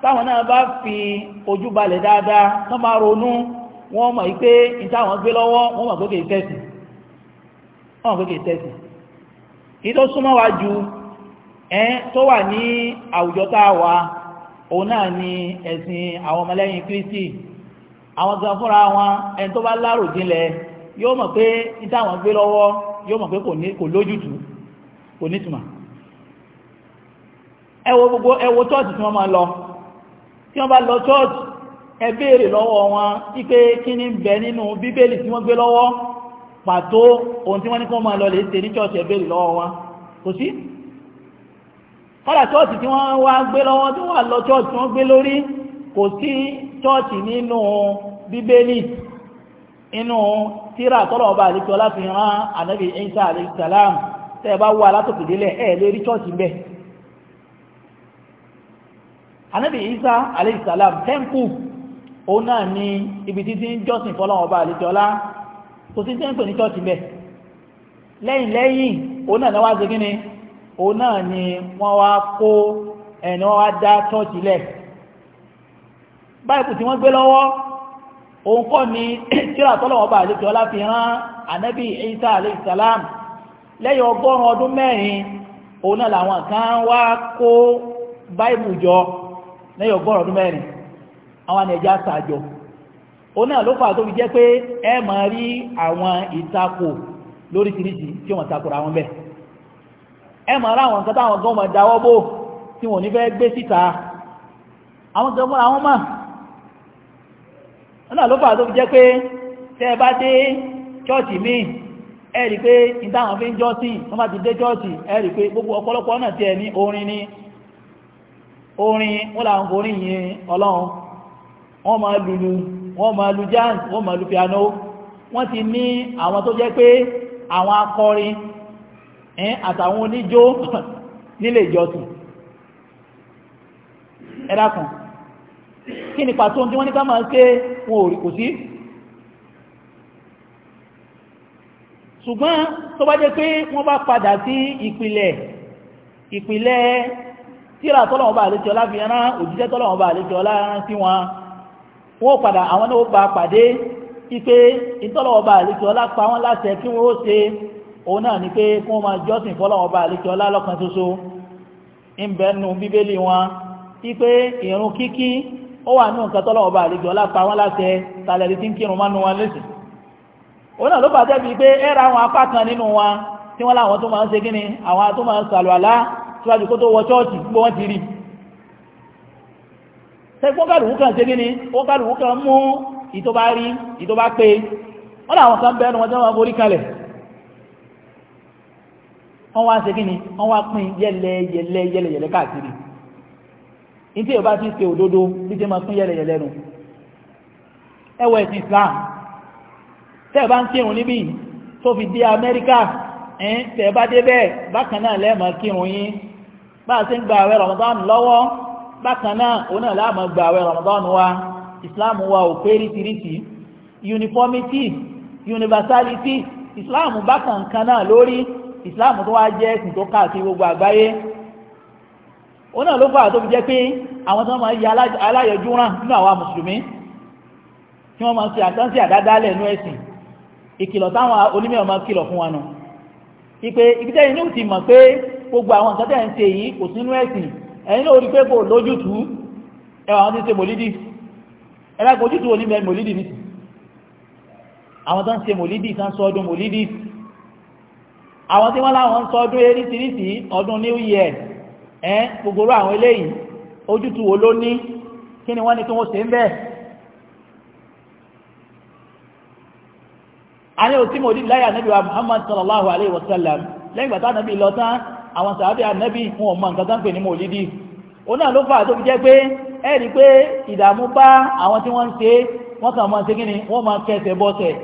táwọn náà bá fi ojú balẹ̀ dáadáa tán bá ronú wọ́n mọ̀ pé ìtàwọn gbé lọ́wọ́ wọ́n mọ̀ pé kì í tẹ̀sìn wọ́n súnmọ́ wa ju ẹ́ tó wà ní àwùjọ tá òun náà ni ẹ̀sìn àwọn ọmọlẹ́yìn Kristi àwọn gan fúnra wọn ẹni tó bá lárò jinlẹ̀ yóò mọ̀ pé ní táwọn gbé lọ́wọ́ yóò mọ̀ pé kò lójútùú kò nítumọ̀ ẹ wo gbogbo ẹ wo chọ́ọ̀tì tí wọ́n máa lọ tí wọ́n bá lọ chọ́ọ̀tì ẹ béèrè lọ́wọ́ wọn wípé kí ní bẹ nínú bíbélì tí wọ́n gbé lọ́wọ́ pàtó ohun tí wọ́n ní kó máa lọ lè ṣe ní chọ́ọ̀tì ẹ béèrè lọ́wọ́ wọn kò sí kọ́lá chọ́ọ̀tì tí wọ́n wá gbé lọ́wọ́ tí wọ́n lọ chọ́ọ̀tì tí wọ́n gbé lórí kò sí chọ́ọ̀chì nínú bíbélì inú tíra tọ́lọ̀ ọba àdíkọ́ láti rán ànábì Ìsá alayhi salam tẹ́ bá wà látòkìdílẹ̀ ẹ̀ lè rí chọ́ọ̀chì ń bẹ̀ ànábì Ìsá alayhi salam tẹ́ǹpù ó náà ní ibi títí ń jọ́sìn fọ́lọ̀ ọba àdíkọ́lá kò sí tẹ́ǹpù ní chọ́ọ̀chì ń bẹ̀ ni wọ́n wá kó ẹni báyìí tí wọ́n gbé lọ́wọ́ òun kọ́ ni *clears throat* tíra tọ́lọ̀wọ́ bá àlejò ọlá fi rán ànábì Isa alayhi lẹ́yìn ọgọ́rùn ọdún mẹ́rin òun náà làwọn kan wá kó báìbù jọ lẹ́yìn ọgọ́rùn ọdún mẹ́rin àwọn ẹ̀já sàjọ náà jẹ́ pé rí àwọn ìtakò náà ló fà tó fi jẹ́ pé tẹ́ bá dé chọ́ọ̀tì míì ẹ pé ìtàwọn fi ń jọ́sìn wọ́n bá ti dé chọ́ọ̀tì ẹ pé gbogbo ọ̀pọ̀lọpọ̀ náà tiẹ̀ ní orin ní orin wọ́n làwọn kò rí ọlọ́run wọ́n máa lulu wọ́n máa lu jazz wọ́n máa lu piano wọ́n ti ní àwọn tó jẹ́ pé àwọn akọrin àtàwọn oníjó *laughs* nílé ìjọsìn ẹ kí ni pàtó tí wọ́n ní ká máa ṣe wọn ò rí kò sí ṣùgbọ́n tó bá jẹ́ pé wọ́n bá padà sí ìpìlẹ̀ ìpìlẹ̀ tíra tọ́lọ̀wọ́n bá àlejò ọlá fi yánná òjíṣẹ́ tọ́lọ̀wọ́n bá àlejò ọlá rán sí wọn wọ́n padà àwọn náà bá pàdé ipé ìtọ́lọ̀wọ́n bá àlejò ọlá pa wọ́n láṣẹ kí wọ́n ó ṣe òun náà ni pé kí wọ́n máa jọ́sìn fọ́lọ̀wọ́n bá àlejò ọlá lọ́kan ṣoṣo ń bẹ́nu bíbélì wọn ipé ìrun kíkí ó wà ní nǹkan tọ́lọ́wọ́ bá àlejò ọlápa wọn láti tàlẹ̀rí tí ń kírun mọ́nu wọn lẹ́sìn òun náà ló bá jẹ́ bíi pé ẹ́ra àwọn apá kan nínú wa tí wọ́n láwọn tó máa ń ṣe gíní àwọn tó máa ń sàlù àlá síwájú kó tó wọ chọ́ọ̀tì gbogbo wọn ti rí sẹ́gbọ́n kàlùkù kan ṣe gíní wọ́n kàlùkù kan mú ìtọ́bá rí ìtọ́bá pé wọ́n láwọn kan bẹ́ẹ̀nu wọn gíní wọ́n wá pín yẹ́lẹ́yẹ́lẹ́yẹ́lẹ́ káàkiri ní tí yorùbá ti ṣe òdodo ní tí ma fún yẹlẹyẹlẹ nu ẹwọ ẹ̀sìn Islam tẹ́ ẹ bá ń kírun níbí tó fi dé Amẹ́ríkà ẹ̀ tẹ́ ẹ bá dé bẹ́ẹ̀ bákan náà lẹ́ẹ̀mọ kírun yín bá a ṣe ń gba àwẹ̀ Ramadan lọ́wọ́ bákan náà òun náà láàmú gba àwẹ̀ Ramadan wa Islam wa ò pé rítiríti uniformity universality Islam bákan kan náà lórí Islam tó wá jẹ́ ẹ̀sìn tó káàkiri gbogbo àgbáyé òun náà ló fà tó fi jẹ́ pé àwọn tó máa yí aláyọjú rán nínú àwa mùsùlùmí tí wọ́n máa ṣe àtànsí àdádálẹ̀ inú ẹ̀sìn ìkìlọ̀ táwọn onímọ̀ máa kìlọ̀ fún wa nù ipe ìgbésẹ̀ yìí ní òtì mọ̀ pé gbogbo àwọn nǹkan tẹ̀ ń ṣe yìí kò sínú ẹ̀sìn ẹ̀yin náà rí pé kò lójútùú ẹwà àwọn tí ń ṣe mòlídì ẹlẹ́gbẹ̀ ojútùú wo ní mẹ́rin mòlídì nìsí àwọn tó ń ṣe mòlídì tó ń sọ ọdún mòlídì àwọn tí wọ́n láwọn ń sọ ọdún eríṣiríṣi ọdún new year e gbogbo àwọn eleyi ojutu wo ló ní kí ni wọ́n ní kí wọ́n a ní òtí mòdí láyà nẹ́bí wa muhammad sallallahu alayhi wasallam lẹ́yìn gbàtà nẹ́bí lọ àwọn sàábí ànẹ́bí fún ọmọ nǹkan pè ní mòlídì ó náà ló fà tó fi jẹ́ pé ẹ̀rí pé ìdààmú bá àwọn tí wọ́n ń wọ́n kàn wọ́n máa kẹsẹ̀ bọ́sẹ̀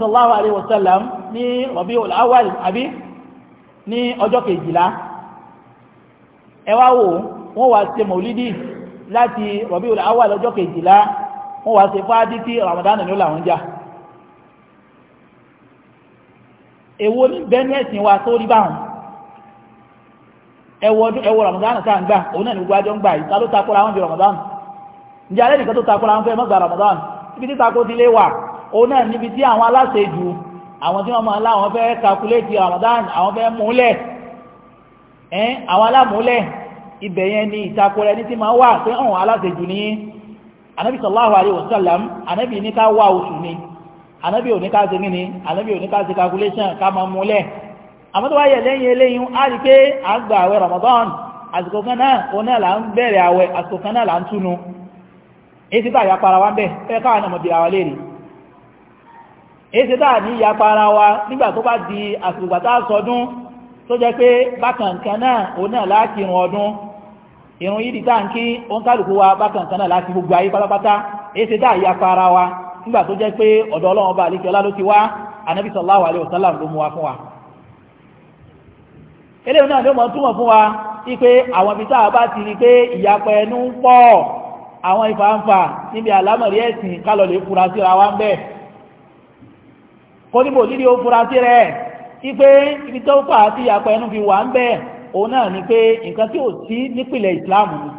sallallahu wasallam ní àbí ní ọjọ́ kejìlá ẹ wá wò wọ́n wá ṣe mọ̀lídì láti Rabiul Awwal lọ́jọ́ kejìlá wọ́n wá ṣe fáadí tí Ramadan ní ó làwọn jà èwo ní bẹ́ẹ̀ni ẹ̀sìn wa tó rí báwọn ẹwọ Ramadan tá ń gbà òun náà ní gbogbo ń gbà ìta ló takọ́ra wọn ju Ramadan ǹjẹ́ alẹ́ nìkan tó takọ́ra wọn Ramadan ibi tí takó ti lé wà òun náà àwọn tí wọ́n máa láwọn fẹ́ kakuléètì Ramadan àwọn fẹ́ múlẹ̀ ẹ́ àwọn alámúlẹ̀ ibẹ̀ yẹn ni ìtakò rẹ̀ ní ti máa wà pé ọ̀hún aláṣejù ní anábì sallallahu alayhi wa sallam anábì ní ká wá oṣù ni anábì ò ní ká ṣe kíni anábì ò ní ká ṣe calculation ká máa múlẹ̀ àmọ́ tó wá yẹ lẹ́yìn eléyìn á rí pé à ń gba àwẹ̀ Ramadan àsìkò kan náà òun náà là ń bẹ̀rẹ̀ àwẹ̀ àsìkò kan náà là ń túnu èyí ti bá ìyá para wa ń bẹ̀ fẹ́ káwọn ọmọbìnrin àwọn léèrè èsì táà ní ìyapa ara wa nígbà tó bá di àsìkògbàtà sọdún tó jẹ́ pé bákankan náà òun náà láti irun ọdún irun yìí dìtà ń kí òun kálukú wa bákankan náà láti gbogbo ayé pátápátá èsì táà ìyapa ara wa nígbà tó jẹ́ pé ọ̀dọ̀ ọlọ́run ọba àlekí ọlá ló ti wá anábì sallallahu alaihi wasallam ló mú wa fún wa eléyìí náà ló mọ̀ túmọ̀ kó níbo lílé ó fura sí rẹ̀ wípé ibi tó pàá á sí apá ẹnu fi wà ń bẹ̀ òun náà ni pé nǹkan tí ò sí nípìnlẹ̀ ìsìláàmù ni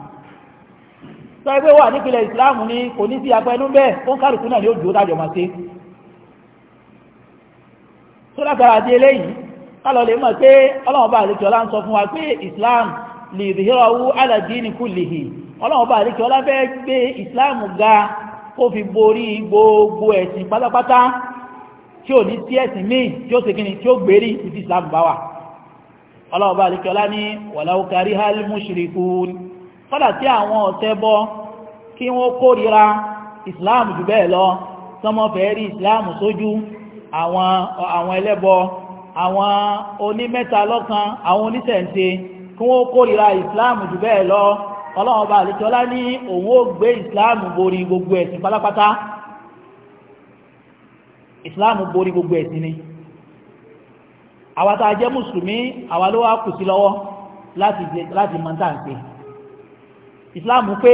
sọ wà nípìlẹ̀ ni kò ní sí apá ẹnu bẹ́ẹ̀ ó ń náà ni ó dúró dájọ́ máa ṣe tó látara di eléyìí kálọ̀ lè mọ̀ pé ọlọ́run bá àlejò fún wa pé islam lè ọlọ́run bá àlejò ọlá fẹ́ gbé islam ga kó fi borí gbogbo ẹ̀sìn pátápátá tí ò ní sí ẹ̀sìn míì tí ó ṣe kíni tí ó gbérí ibi islam bá wà ọlọ́run bá àdìkẹ́ ọlá ní walau karihal mushrikun kọ́dà tí àwọn ọ̀tẹ́ bọ́ kí wọ́n kórira islam jù bẹ́ẹ̀ lọ sọmọfẹ́ rí islam sójú àwọn àwọn ẹlẹ́bọ àwọn onímẹ́ta lọ́kan àwọn oníṣẹ̀ǹṣe kí wọ́n kórira islam jù bẹ́ẹ̀ lọ ọlọ́run bá àdìkẹ́ ọlá ní òun ó gbé islam borí gbogbo ẹ̀sìn pátápátá ìsìláàmù borí gbogbo ẹ̀sìn ni àwa tá a jẹ́ mùsùlùmí àwa ló wá kù sí lọ́wọ́ láti mọ́ntàǹsì ìsìláàmù pé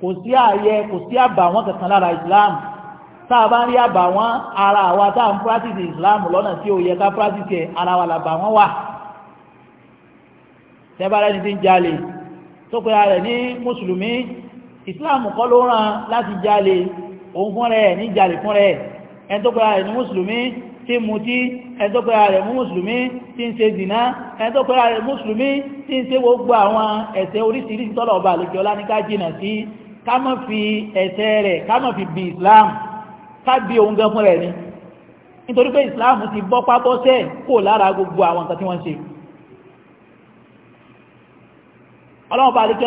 kò sí ààyè kò sí àbàwọ́n kankan lára ìsìláàmù táà bá ń rí àbàwọ́n ara àwa táà ń pírátìsì ìsìláàmù lọ́nà tí ó yẹ ká pírátìsì ẹ̀ ara wa làbàwọ́n wà tẹ́bàrẹ́ ni ti ń jalè tó pe ara ní mùsùlùmí ìsìláàmù kọ́ ló ràn láti jalè òun fúnra ẹ̀ ní jalè fúnra ẹ̀ ẹni tó pẹ́ra rẹ̀ ní mùsùlùmí tí ń mutí ẹni tó pẹ́ra rẹ̀ mùsùlùmí tí ń ṣe zìnà ẹni tó pẹ́ra rẹ̀ mùsùlùmí tí ń ṣe gbogbo àwọn ẹ̀ṣẹ̀ oríṣiríṣi tọ́lọ̀ ọba àlejò ní ká jìnà sí ká má fi ẹ̀ṣẹ̀ rẹ̀ ká má fi bí Islam ká bí òun gan fún Islam ti bọ́ pábọ́sẹ̀ kò lára gbogbo àwọn nǹkan tí wọ́n ṣe ọlọ́run ọba àlejò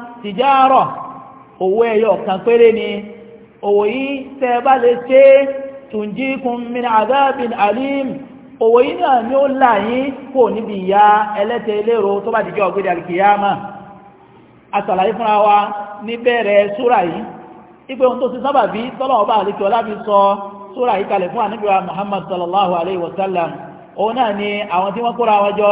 tìjáàrọ̀ owó ẹyọ kan péré ni owó yìí tẹ́ bá lè ṣe tunjikum min azabin alim owó yìí náà ni ó là yín kò níbi ìyá ẹlẹ́tẹ̀ eléro tó bá dìjọ́ ọ̀gbẹ́dẹ̀ àlìkìyàmà àtàlàyé fúnra wa níbẹ̀rẹ̀ súrà yìí ipe ohun tó ti sábà bí tọ́lọ̀ ọba àlekí ọlá sọ súrà yìí kalẹ̀ fún àníbíwá Muhammad sallallahu alayhi wa òun náà ni àwọn tí wọ́n kóra wọn jọ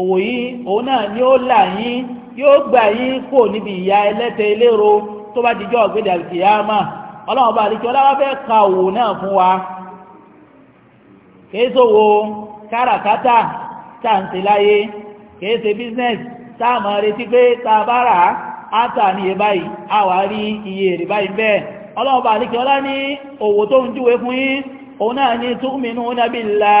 òwò yìí òun náà ni ó là yín yóò gbà yín n'ibi níbi ìyà ẹlẹ́tẹ̀ eléro tó bá dijọ́ ọ̀gbẹ́dẹ̀ àlùkìyàmà ọlọ́run bá àdìkí fẹ́ ka òwò náà fún wa kìí sòwò káràkátà tá ń ṣe láyé kìí business tá a máa retí pé tá a bá rà á tà iye báyìí a wà rí iye èrè báyìí bẹ́ẹ̀ ọlọ́run bá àdìkí ní òwò tó ń júwe fún yín òun náà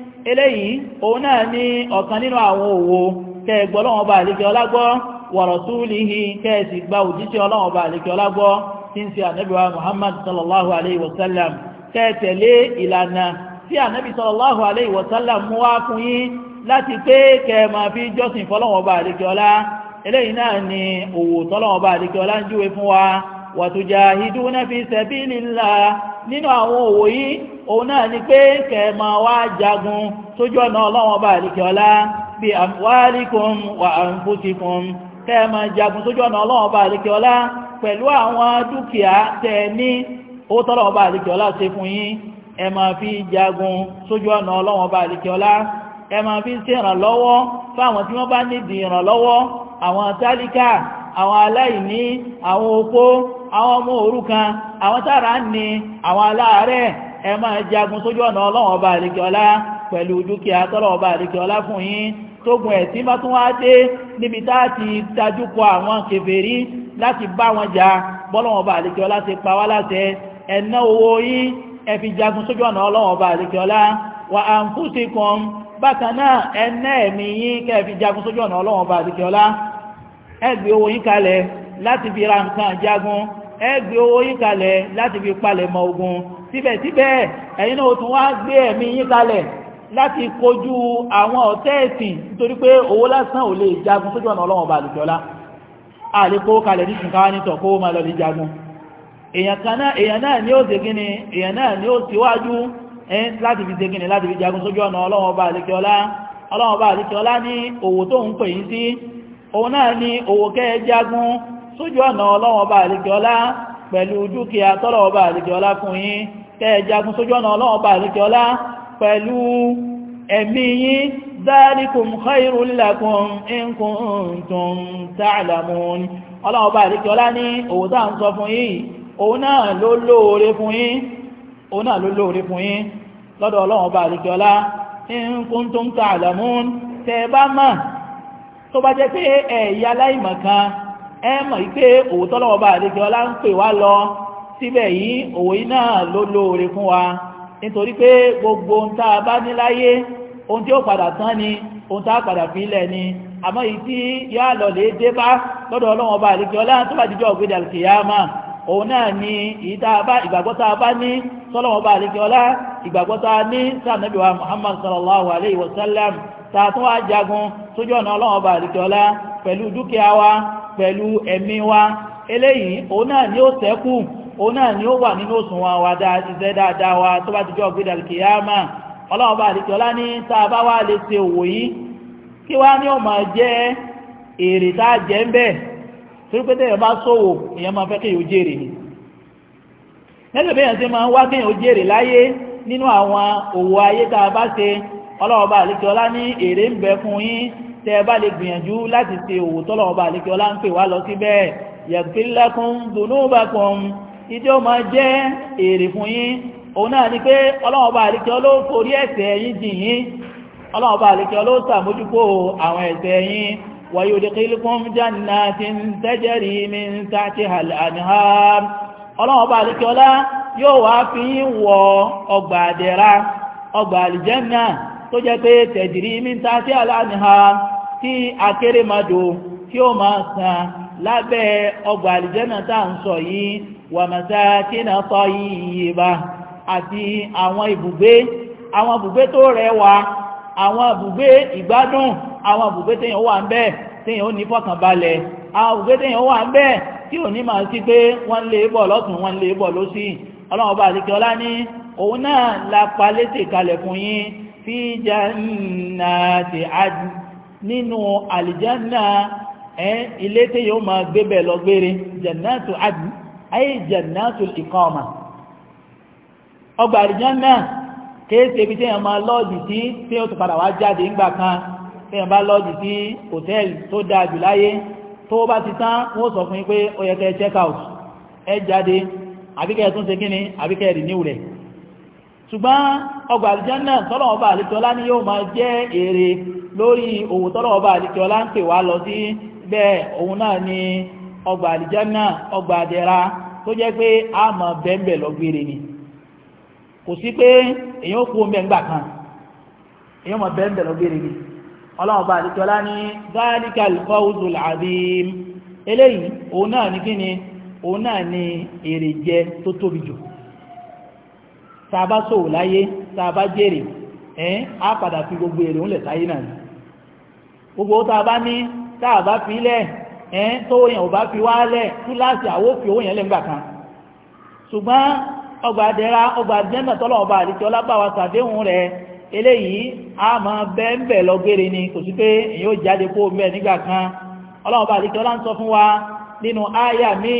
eléyìí òun náà ní ọ̀kan nínú àwọn òwò kẹgbọ́ ọlọ́wọ́n bá àlékẹ́ ọlágbọ́ warasulihi kẹsì gba òjíṣẹ́ ọlọ́wọ́n bá àlékẹ́ ọlágbọ́ tí ń ṣe ànábì wa muhammad sallallahu alayhi wa sallam kẹtẹ̀lé ìlànà tí ànábì sallallahu nínú àwọn òwò yìí òun náà ni pé kẹ̀ẹ̀mọ̀ wá jagun sójú ọ̀nà ọlọ́wọ́n bá àríkẹ́ ọlá bí àwárikùn wà àǹfúsikùn kẹ̀ẹ̀mọ̀ jagun sójú ọ̀nà ọlọ́wọ́n bá àríkẹ́ ọlá pẹ̀lú àwọn dúkìá tẹ́ ní ó tọ́lọ́wọ́n bá àríkẹ́ ọlá jagun sójú ọ̀nà ọlọ́wọ́n bá àríkẹ́ ọlá ẹ máa fi ṣe ìrànlọ́wọ́ fáwọn tí wọ́n bá nídìí ìrànlọ́wọ́ àwọn tálíkà àwọn àwọn ọmọ òrukàn àwọn tára ń ní àwọn aláàárẹ̀ ẹ máa jagun sójú ọ̀nà ọlọ́wọ̀n ọba àríkẹ́ọlá pẹ̀lú dúkìá tọ́lọ̀ ọba àríkẹ́ọlá fún yín tógun ẹ̀tí bá tún wá dé níbi táàtì tajúkọ àwọn kèfèrí láti bá wọn jà bọ́lọ̀wọ̀n ọba àríkẹ́ọlá ti pa wá láṣẹ ẹ ná owó láti fi ra nǹkan àjagun ẹ gbé owó yín kalẹ̀ láti fi palẹ̀ mọ́ ogun síbẹ̀síbẹ̀ ẹ̀yin náà tún wá gbé ẹ̀mí yín kalẹ̀ láti kojú àwọn ọ̀tẹ́ ẹ̀sìn nítorí pé owó lásán ò lè jagun sójú ọ̀nà ọlọ́wọ̀n bá àlùjọ́lá àlékó kalẹ̀ ní ṣùnkáwá nítọ̀ kó máa lọ lè jagun èèyàn náà ni ó ṣe gíní èèyàn náà ni ó síwájú láti fi ṣe gíní láti fi jagun sójú ọ̀nà ọlọ́wọ̀n bá àlùjọ́lá ọlọ́wọ̀n bá àlùjọ́lá ní òwò tó ń pè yín sí òun náà ni òwò kẹ́ jagun sójú ọ̀nà ọlọ́wọ́n bá àlejò ọlá pẹ̀lú dúkìá tọ́lọ́wọ́n bá àlejò ọlá fún yín kẹ́ẹ̀jagun sójú ọ̀nà ọlọ́wọ́n bá àlejò ọlá pẹ̀lú ẹ̀mí yín dáríkùn khairun lakum in kuntum ta'lamun ọlọ́wọ́n bá àlejò ọlá ní tó bá jẹ́ pé ẹ̀yà láìmọ̀ kan ẹ mọ̀ wípé òwò tọ́lọ́wọ́ bá àlejò ọlá ń pè wá lọ síbẹ̀ yìí òwò yìí náà ló lóore fún wa nítorí pé gbogbo ohun tá a bá ní láyé ohun tí ó padà tán ni ohun tá a padà fi ilẹ̀ ni àmọ́ yìí tí yá lọ̀lẹ́ dé bá lọ́dọ̀ ọlọ́wọ́ bá àlejò ọlá tó bá jíjọ́ ògbédè àlùkìyámà òun náà ni ìgbàgbọ́ tá a bá ní tọ́lọ́wọ́ bá àlejò ọlá ìgbàgbọ́ tá a ní sáà Muhammad sallallahu alayhi wa sallam tá a jagun sójú ọ̀nà ọlọ́wọ́ bá àlejò ọlá pẹ̀lú dúkìá wa pẹ̀lú ẹ̀mí wa eléyìí òun náà ni ó ṣẹ́kù òun náà ni ó wà nínú òṣùwọ̀n wa iṣẹ́ dáadáa wa tó bá ti jọ gbé dàlùkìyàmà ọlọ́run bá àdìkẹ́ ọlá ní tá a bá wá lè ṣe òwò yìí kí wá ní ọmọ jẹ́ èrè tá a jẹ́ ń bẹ̀ torí pé tẹ́yẹ̀ bá ṣòwò ni mẹ́lẹ̀ bẹ́yàn ṣe máa ń wá kéèyàn ó tẹ́ bá lè gbìyànjú láti ṣe òwò tọ́lọ́wọ́ bá àlékè ọlá ń pè wá lọ sí bẹ́ẹ̀ yaghfir lakum dhunubakum ìjọ máa jẹ́ èrè fún yín òun náà ni pé ọlọ́wọ́ bá ọlọ́ forí yín jì yín àwọn yín wáyé tó jẹ́ pé tẹ̀jìrí mínta sí aláàmìha tí akérèmọdò tí ó máa sàn lábẹ́ ọgbà àlìjẹ́nà tá à ń sọ yìí wà masakina tayyiba àti àwọn ibùgbé àwọn ibùgbé tó rẹwà àwọn ibùgbé ìgbádùn àwọn ibùgbé téèyàn wà ń bẹ̀ òun náà la pa létè fún yín fi jannati adn nínú àlìjánà ilé tí yóò máa gbébẹ̀ lọ gbére jannatu adn ayé jannatu iqama ọgbà àlìjánà kéèsì ibi tí yàn máa lọ́ọ̀dì sí tí ó ti padà wá jáde ńgbà kan tí yàn bá lọ́ọ̀dì sí hòtẹ́ẹ̀lì tó dáa jù láyé tó bá ti tán wọ́n sọ fún yín pé ó yẹ kẹ́ check out ẹ jáde àbíkẹ́ tún ṣe kíni àbíkẹ́ rìníw rẹ̀ ṣùgbọ́n ọgbà àlìjánà tọ́lọ̀ ọba àlìkọ́lá ni yóò máa jẹ́ èrè lórí òwò tọ́lọ̀ ọba àlìkọ́lá ń pè wá lọ sí bẹ́ẹ̀ òun náà ni ọgbà àlìjánà ọgbà àdẹ̀ra tó jẹ́ pé a mọ̀ bẹ́ẹ̀bẹ̀ lọ́gbére ni kò sí pé ọba azim tàbá sòwò láyé tàbá jèrè ẹ́n á padà fi gbogbo èrè ńlẹ̀ sáyé náà ni gbogbo tàbá ní tàbá fi lẹ̀ ẹ́n tó yẹn ò bá fi wá lẹ̀ kíláàsì àwó fi owó yẹn lẹ́gbà kan ṣùgbọ́n ọgbà àdẹ́ra ọgbà àdẹ́nà tọ́lọ̀ ọba àdìsí ọlábàwà sàdéhùn rẹ̀ ni kò sí pé èyí ó jáde kó mẹ́ nígbà kan ọlọ́ọ̀bà àdìsí ọlá ń sọ fún wa nínú àyà míì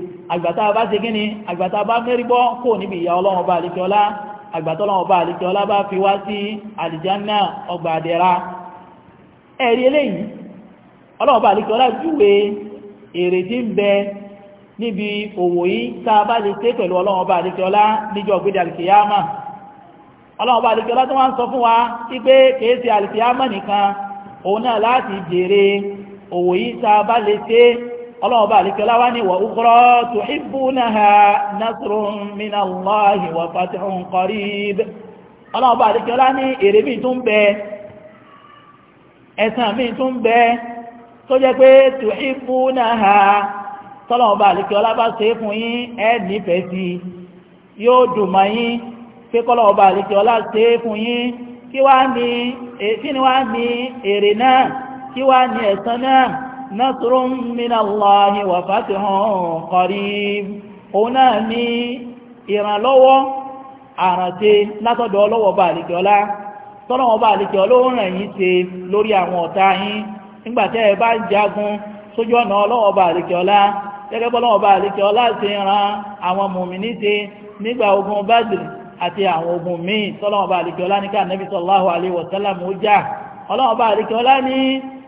àgbàtà bá ṣe gíní àgbàtà bá mẹ́rìbọ́ kò níbi ìyà ọlọ́run bá àlìkẹ́ọlá àgbàtà ọlọ́run bá àlìkẹ́ọlá bá fi wá sí àlìjánà ọgbà àdẹ́ra ẹ̀rí eléyìí ọlọ́run bá àlìkẹ́ọlá júwe èrè tí ń bẹ níbi òwò yìí tá a bá lè ṣe pẹ̀lú ọlọ́run bá àlìkẹ́ọlá ọlọ́run bá àlíkẹ́ láwá ní wà ukhra tuhibbunaha nasrun minallahi wa fathun qarib ọlọ́run bá ní mi tún bẹ mi tún bẹ tó jẹ́ pé tuhibbunaha tọ́lọ́run bá àlíkẹ́ ọlá bá ṣe fún yín ẹ̀ nasrun minallahi wa fathun qarib òun náà ní ìrànlọ́wọ́ àrànṣe látọ̀dọ̀ ọlọ́wọ́ bá àlìkẹ́ ọlá tọ́lọ́wọ́ bá àlìkẹ́ ọlọ́run yìí ṣe lórí àwọn ọ̀tá yín nígbàtẹ́ ẹ bá ń jagun sójú ọ̀nà ọlọ́wọ́ bá àlìkẹ́ ọlá gẹ́gẹ́ bọ́lọ́wọ́ bá àlìkẹ́ ọlá ṣe ran àwọn mùmìnì ṣe nígbà ogun Badr àti àwọn ogun míì tọ́lọ́wọ́ bá àlìkẹ́ ọlá ní ká Nabi sallallahu alaihi wasallam ó jà ọlọ́wọ́ bá àlìkẹ́ ọlá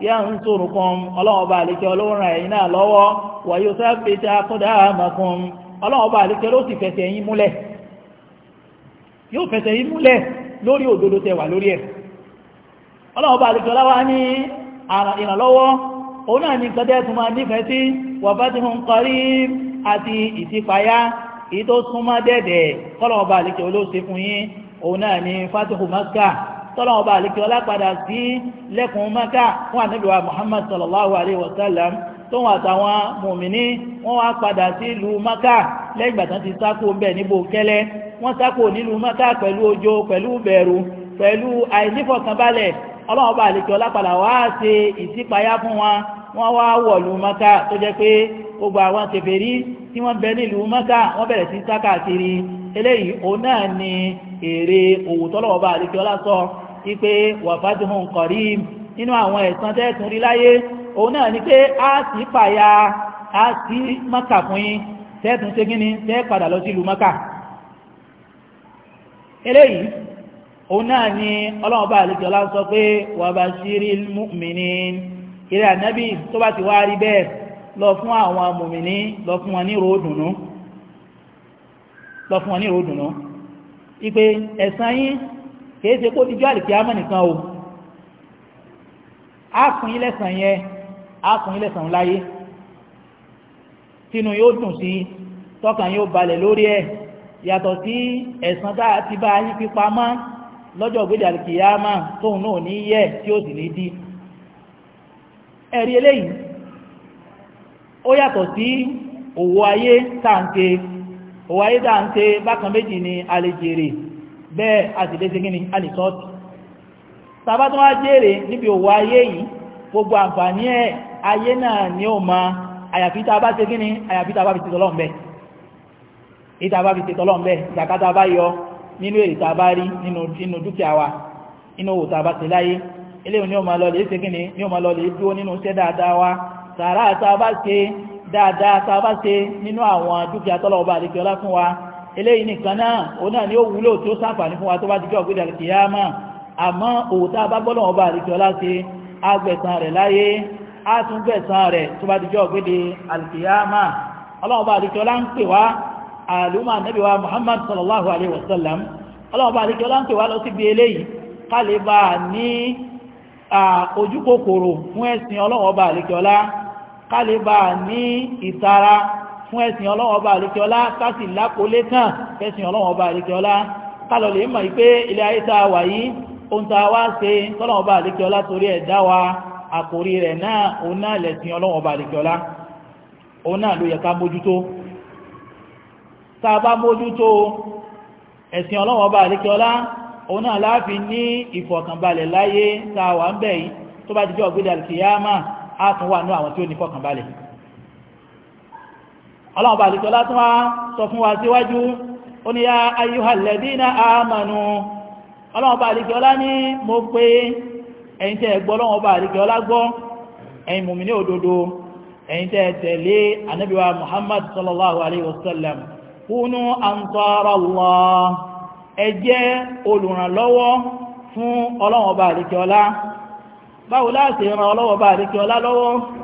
yansurukum ọlọ́wọ́ bá àlekẹ́ ọlọ́run ẹ̀yin náà lọ́wọ́ wa yuthabbit aqdamakum ọlọ́wọ́ bá àlekẹ́ ló sì fẹsẹ̀ yín múlẹ̀ yóò fẹsẹ̀ yín múlẹ̀ lórí òdodo tẹ lórí ẹ̀ ọlọ́wọ́ bá àlekẹ́ ọlọ́wọ́ ní ìrànlọ́wọ́ ito tọ́lọ́wọ́ bá àlekí ọlápadà sí lẹ́kùn mẹ́kà fún ànábìwá muhammad sallallahu alayhi wa sallam tó wọn àtàwọn mùmíní wọ́n wá padà sí ìlú mẹ́kà lẹ́gbàtán ti sákò ń bẹ̀ níbo kẹ́lẹ́ wọ́n sákò nílùú mẹ́kà pẹ̀lú ojo pẹ̀lú bẹ̀rù pẹ̀lú àìnífọ̀kànbalẹ̀ ọlọ́wọ́ bá àlekí ọlápadà wá ṣe ìṣípayá fún wọn wọ́n wá wọ̀lú mẹ́kà tó jẹ́ pé gbogbo àwọn kèfèrí tí wọ́n bẹ nílùú mẹ́kà wọ́n bẹ̀rẹ̀ sí sákàkiri eléyìí òun náà ni èrè òwò tọ́lọ́wọ́ bá àlekí ọlá sọ wípé wàfájúhùn kọ̀rím nínú àwọn ẹ̀san tẹ́ẹ̀tún rí láyé òun náà ni pé a sì pàyà a sì mọ́kà fún yín tẹ́ẹ̀tún ṣe gíní tẹ́ẹ̀ padà lọ sílùú mọ́kà eléyìí òun náà ni ọlọ́run àlejò ọlá sọ pé wa bashiril mu'minin ilẹ̀ ànábì tó bá ti wá rí bẹ́ẹ̀ lọ fún àwọn mùmìnì lọ fún wọn ní ròódùnú lọ fún wọn ní ròódùnú ipe ẹ̀san yín kìí ṣe kó dijọ́ àlìkíyàmọ̀ nìkan o a fún yín lẹ́san yẹn a fún yín lẹ́san láyé tínú yóò dùn sí tọkàn yóò balẹ̀ lórí ẹ̀ yàtọ̀ sí ẹ̀san tá a ti bá yín fi pamọ́ lọ́jọ́ ògbédè àlìkíyàmọ̀ tóun náà ní yẹ tí ó sì ní dí ẹ̀rí eléyìí ó yàtọ̀ sí òwò ayé tá òwò ayé tá bákan méjì ni a jèrè bẹ́ẹ̀ àtìlẹ́sẹ̀ gíní alìsọ́ọ̀tì tàbátọ́ wá jèrè níbi òwò ayé yìí gbogbo àǹfààní ẹ̀ ayé náà ni ó ma àyàfíta bá ṣe gíní àyàfíta bá fi ti tọ́lọ́m̀bẹ̀ ìta bá fi ti tọ́lọ́m̀bẹ̀ ìtàkátà bá yọ nínú èrè tá a bá rí nínú dúkìá wa inú òwò tá a bá ṣe láyé eléyìí ni ó ma wa eléyìí nìkan náà òun náà ni ó wúlò tí ó sáfàní fún wa tó bá ti jọ ògbé dàrí kìyàmá àmọ́ òòtá bá gbọ́dọ̀ ọba àríkẹ́ ọlá ṣe agbẹ̀san rẹ̀ láyé á tún gbẹ̀san rẹ̀ tó bá ti jọ ògbé dé àríkìyàmá ọlọ́ọ̀bá àríkẹ́ ọlá ń pè wá àlùmọ́ ànábì wa Muhammad sallallahu alayhi wa sallam ọlọ́ọ̀bá àríkẹ́ ọlá fún ẹ̀sìn ọlọ́wọ́ ọba àríkẹ́ọlá kásì lápólé tán kẹsìn ọlọ́wọ́ ọba àríkẹ́ọlá kálọ̀ lè mọ̀ pé ilé ayé wà yìí ohun tá wá ṣe tọ́lọ́wọ́ ọba àríkẹ́ọlá torí ẹ̀ wa àkórí rẹ̀ náà òun náà lẹ̀sìn ọlọ́wọ́ ọba àríkẹ́ọlá òun náà ló yẹ ká mójútó tá a bá mójútó ẹ̀sìn ọlọ́wọ́ ọba àríkẹ́ọlá òun náà láàfin ní ìfọ̀kànbalẹ̀ láyé ọlọ́run bá àdìsọ́lá tún wá sọ fún wa síwájú ó ní ya ayyuhalladhina amanu ọlọ́run bá àdìsọ́lá ní mo pé ẹ̀yin tẹ́ gbọ́ ọlọ́run bá àdìsọ́lá gbọ́ ẹ̀yin mùmínì òdodo ẹ̀yin tẹ́ tẹ̀lé ànábì wa Muhammad sallallahu alaihi wasallam kúnú ansarallah ẹ jẹ́ olùrànlọ́wọ́ fún ọlọ́run bá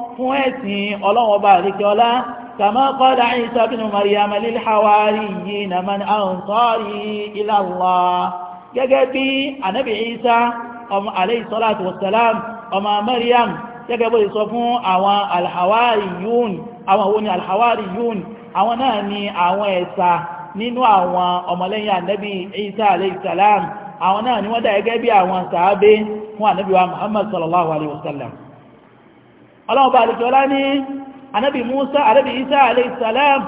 fún ẹ̀sìn ọlọ́wọ́ bá àríkẹ́ ọlá kàmá qala Isa bin Maryam lil hawariyyina man ansari ila Allah gẹ́gẹ́ bí ànábì Isa ọmọ alayhi salatu wassalam ọmọ Maryam gẹ́gẹ́ bó sọ fún àwọn alhawariyun àwọn wo ni alhawariyun àwọn náà ni àwọn ẹ̀sà nínú àwọn ọmọlẹ́yìn ànábì Isa alayhi salam àwọn náà ọlọ́ọ̀bá alìjọlá ní anábì musa anábì isa alaihissalam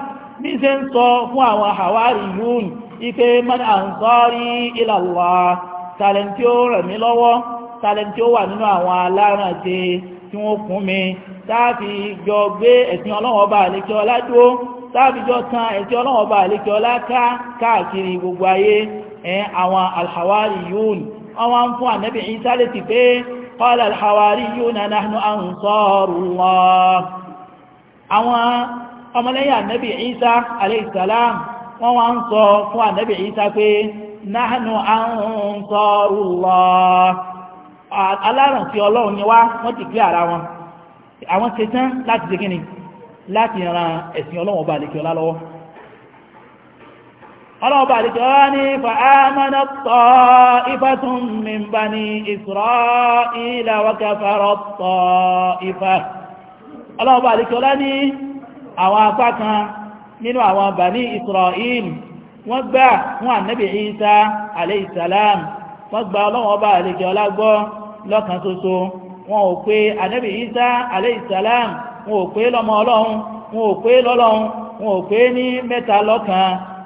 bí ṣe ń sọ fún àwọn àwárí yún ike man ansari ila Allah tàlẹ̀ntí ó rẹ̀ mí lọ́wọ́ tàlẹ̀ntí ó wà nínú àwọn alárànṣe tí wọ́n kún mi táàfi jọ gbé ẹ̀sìn ọlọ́ọ̀bá alìjọlá dúó táàfi jọ tan ẹ̀sìn ọlọ́ọ̀bá قال الحواريون نحن أنصار الله àwọn ọmọlẹ́yìn ànábì Isa alayhi salam wọ́n wá ń sọ fún ànábì Isa pé nahnu ansarullah alárànfí ọlọ́run ni wá wọ́n ti gbé ara wọn àwọn ṣetán láti ṣe kíni láti ran ẹ̀sìn ọlọ́run ọba àlèkè ọlá ọlọ́ọ̀bà àdìjọ́ ní fa'amana ta'ifatun min bani isra'ila wa kafara ta'ifa ọlọ́ọ̀bà àdìjọ́ ní àwọn apá kan nínú àwọn bani isra'il wọ́n gbà fún ànábì isa alayhi salam wọ́n gbà ọlọ́ọ̀bà àdìjọ́ lágbọ́ lọ́kan ṣoṣo wọn ò pé ànábì isa alayhi salam wọn ò pé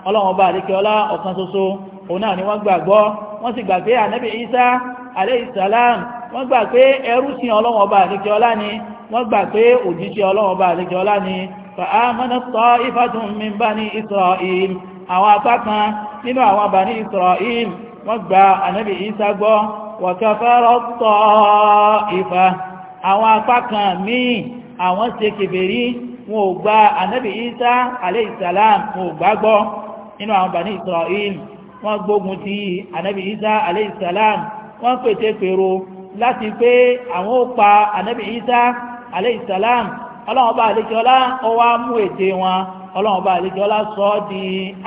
ọlọ́run ọba àdékẹ́ ọlá ọ̀kan ṣoṣo òun náà ni wọ́n gbàgbọ́ wọ́n sì gbà pé ànábì isa aleyhisalam wọ́n gbà pé ẹrú sí ọlọ́run ọba àdékẹ́ ọlá ni wọ́n gbà pé òjíṣẹ́ ọlọ́run ọba àdékẹ́ ọlá ni fa'amana ta'ifatun min bani isra'il àwọn apá kan nínú àwọn bani isra'il wọ́n gba ànábì isa gbọ́ wa kafara ta'ifa àwọn apá kan nínú àwọn bani israel wọ́n gbógun ti anabi isa alayhi salam wọ́n pète pèrò láti pé àwọn ó pa anabi isa alayhi salam ọlọ́wọ́n bá àlejọ́lá ọwá mú ète wọn ọlọ́wọ́n bá àlejọ́lá sọ di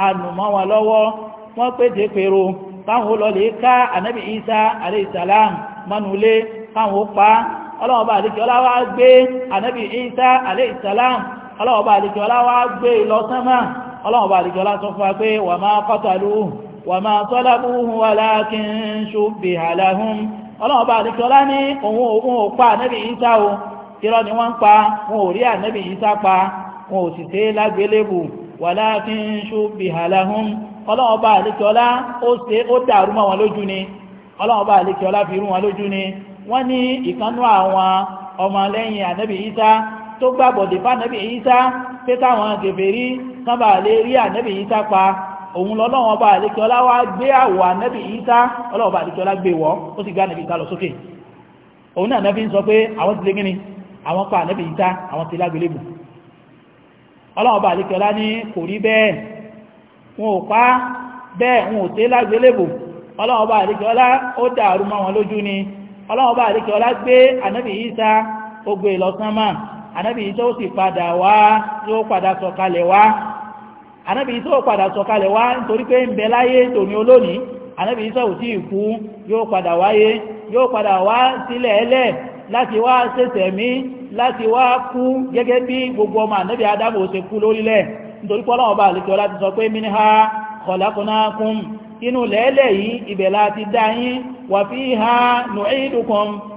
ànùmọ́ wọn lọ́wọ́ wọ́n pète pèrò káwọn olóòlè ká ànábì isa aleyhisalam mọ́nulé káwọn pa ọlọ́ọ̀bá ọlọ́wọ̀n bá àdìjọ lásọ fún wa pé wà máa qataluhu wà máa salabuhu walakin shubbiha lahum ọlọ́wọ̀n bá àdìjọ lá ní òun òun ò pa ànábì Ìsá o irọ́ ni wọ́n ń pa wọn ò rí ànábì Ìsá pa wọn ò sì tẹ́ lágbélébù walakin shubbiha lahum ọlọ́wọ̀n ọlọ́wọ̀n bá àdìjọ lá tó gbàbọ̀dé fánàbí Ìsá pé káwọn gèbèrí kán bá lè rí ànẹ́bì Ìsá pa òun lọ́lọ́wọ́n bá àlékẹ́ ọlá wá gbé àwọ̀ ànẹ́bì Ìsá ọlọ́wọ́ bá àlékẹ́ ọlá gbé wọ́ ó sì gbé ànẹ́bì Ìsá lọ sókè òun náà nẹ́bí ń sọ pé àwọn ti lé gíní àwọn pa ànẹ́bì Ìsá àwọn ti lágbélébù ọlọ́wọ́n bá àlékẹ́ ọlá ní kò rí bẹ́ẹ̀ wọn ò pa bẹ́ẹ̀ wọn ó dàrú mọ́ wọn lójú ọlọ́wọ́n bá àlékẹ́ gbé ànẹ́bì ànábì yìí tó sì padà wá tó padà sọ̀kalẹ̀ wá ànábì yìí tó padà sọ̀kalẹ̀ wá nítorí pé ń bẹ láyé tòní olónìí ànábì yìí sọ̀rọ̀ tí ìkú yóò padà wáyé yóò padà wá sílẹ̀ ẹlẹ̀ láti wá ṣẹ̀ṣẹ̀ mí láti wá kú gẹ́gẹ́ bí gbogbo ọmọ ànábì Ádámù ṣe kú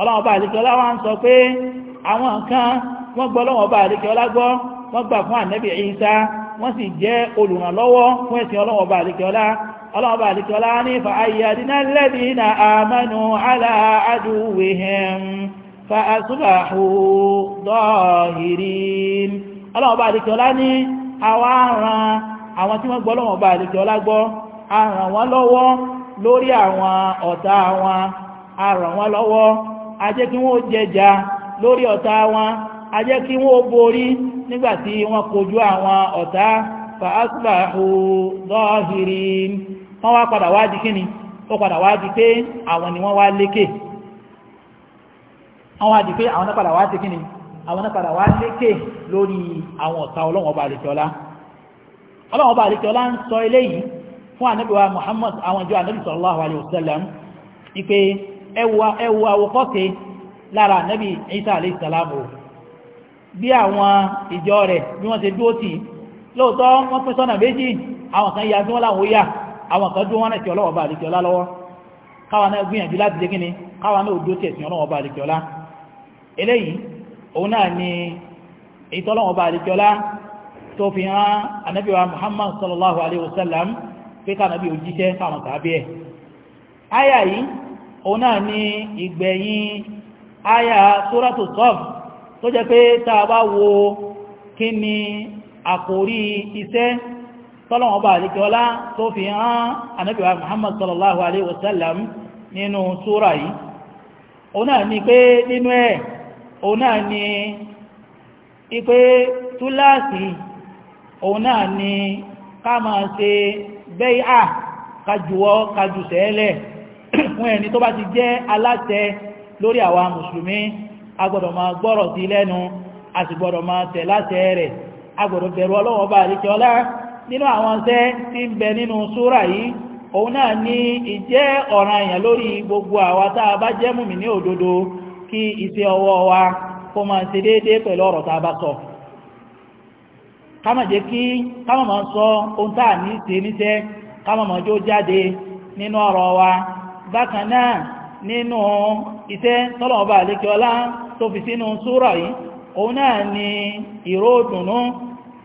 ọlọ́wọ́n bá àdíkẹ́ọlá wá ń sọ pé àwọn nǹkan wọ́n gbọ́ lọ́wọ́ bá àdíkẹ́ọlá gbọ́ wọ́n gbà fún ànẹ́bì Ìsá wọ́n sì jẹ́ olùrànlọ́wọ́ fún ẹ̀sìn ọlọ́wọ́ bá àdíkẹ́ọlá ọlọ́wọ́ bá àdíkẹ́ọlá ní fa'ayyadina alladhina amanu ala aduwwihim fa'asbahu dahirin ọlọ́wọ́ bá àdíkẹ́ọlá ní àwa ran àwọn tí wọ́n gbọ́ a jẹ́ kí wọ́n jẹjà lórí ọ̀tá wọn a jẹ́ kí wọ́n borí nígbàtí wọ́n kojú àwọn ọ̀tá fa'asbahu zahirin wọ́n wá padà wá di kíni ó padà wá di pé àwọn ni wọ́n wá lékè àwọn àdì pé àwọn nápadà wá ti kíni àwọn nápadà wá lékè lórí àwọn ọ̀tá ọlọ́wọ̀n ọba àlèkọ́lá ń sọ eléyìí fún ànábì wa Muhammad àwọn ìjọ ànábì sallallahu alaihi ẹwà àwòkọ́ṣe lára nẹ́bí Isa alayhi salamu bí àwọn ìjọ rẹ̀ bí wọ́n ṣe dúró tì lóòótọ́ wọ́n pín sọ́nà méjì àwọn kan ya bí wọ́n láwọn ó yà àwọn kan dúró wọn rẹ̀ tí ọlọ́wọ́ bá àlekẹ́ ọlá lọ́wọ́ káwa náà gbìyànjú láti dé kíni káwa náà dúró tì ẹ̀sìn ọlọ́wọ́ bá àlekẹ́ ọlá eléyìí òun náà ni ìtọ́lọ́wọ́ bá àlekẹ́ ọlá tó fi hàn ànábì wa Muhammad sallallahu alayhi wa sallam pé káànábì òjíṣẹ́ káwọn tàbí ẹ̀ áyà òun náà ni ìgbẹ̀yìn àyà sóràtò sọ́f tó jẹ́ pé tá wo kí ni àkórí iṣẹ́ tọ́lọ̀wọ̀n bá àdíkọ́lá tó fi hàn ànábì wa Muhammad sallallahu alaihi wasallam nínú súra yìí òun ni pé nínú ẹ̀ ni *coughs* fún ẹni tó bá ti jẹ́ aláṣẹ lórí àwa musulmi agbọ̀dọ̀ ma gbọ́rọ̀ sí lẹ́nu a sì gbọ́dọ̀ máa tẹ̀ láṣẹ rẹ̀ agbọ̀dọ̀ gbọ́dọ̀ bẹ̀rù ọlọ́wọ́ bá àríkẹ́ ọlá nínú àwọn iṣẹ́ tí ń bẹ nínú súrà yìí òun náà ní ìjẹ́ ọ̀ràn èèyàn lórí gbogbo àwa tá a bá jẹ́ mùmínì òdodo kí iṣẹ́ ọwọ́ wa kó máa ṣe déédéé pẹ̀lú ọ̀rọ̀ tá a bá sọ kama jẹ́ kí kama máa sọ ohun tá a ní ṣe níṣẹ́ kama máa jó jáde nínú ọ̀rọ̀ wa bákan náà nínú iṣẹ́ tọ́lọ̀ọba àlékí ọlá tó fi sínú súrà yìí òun náà ni ìró dùnú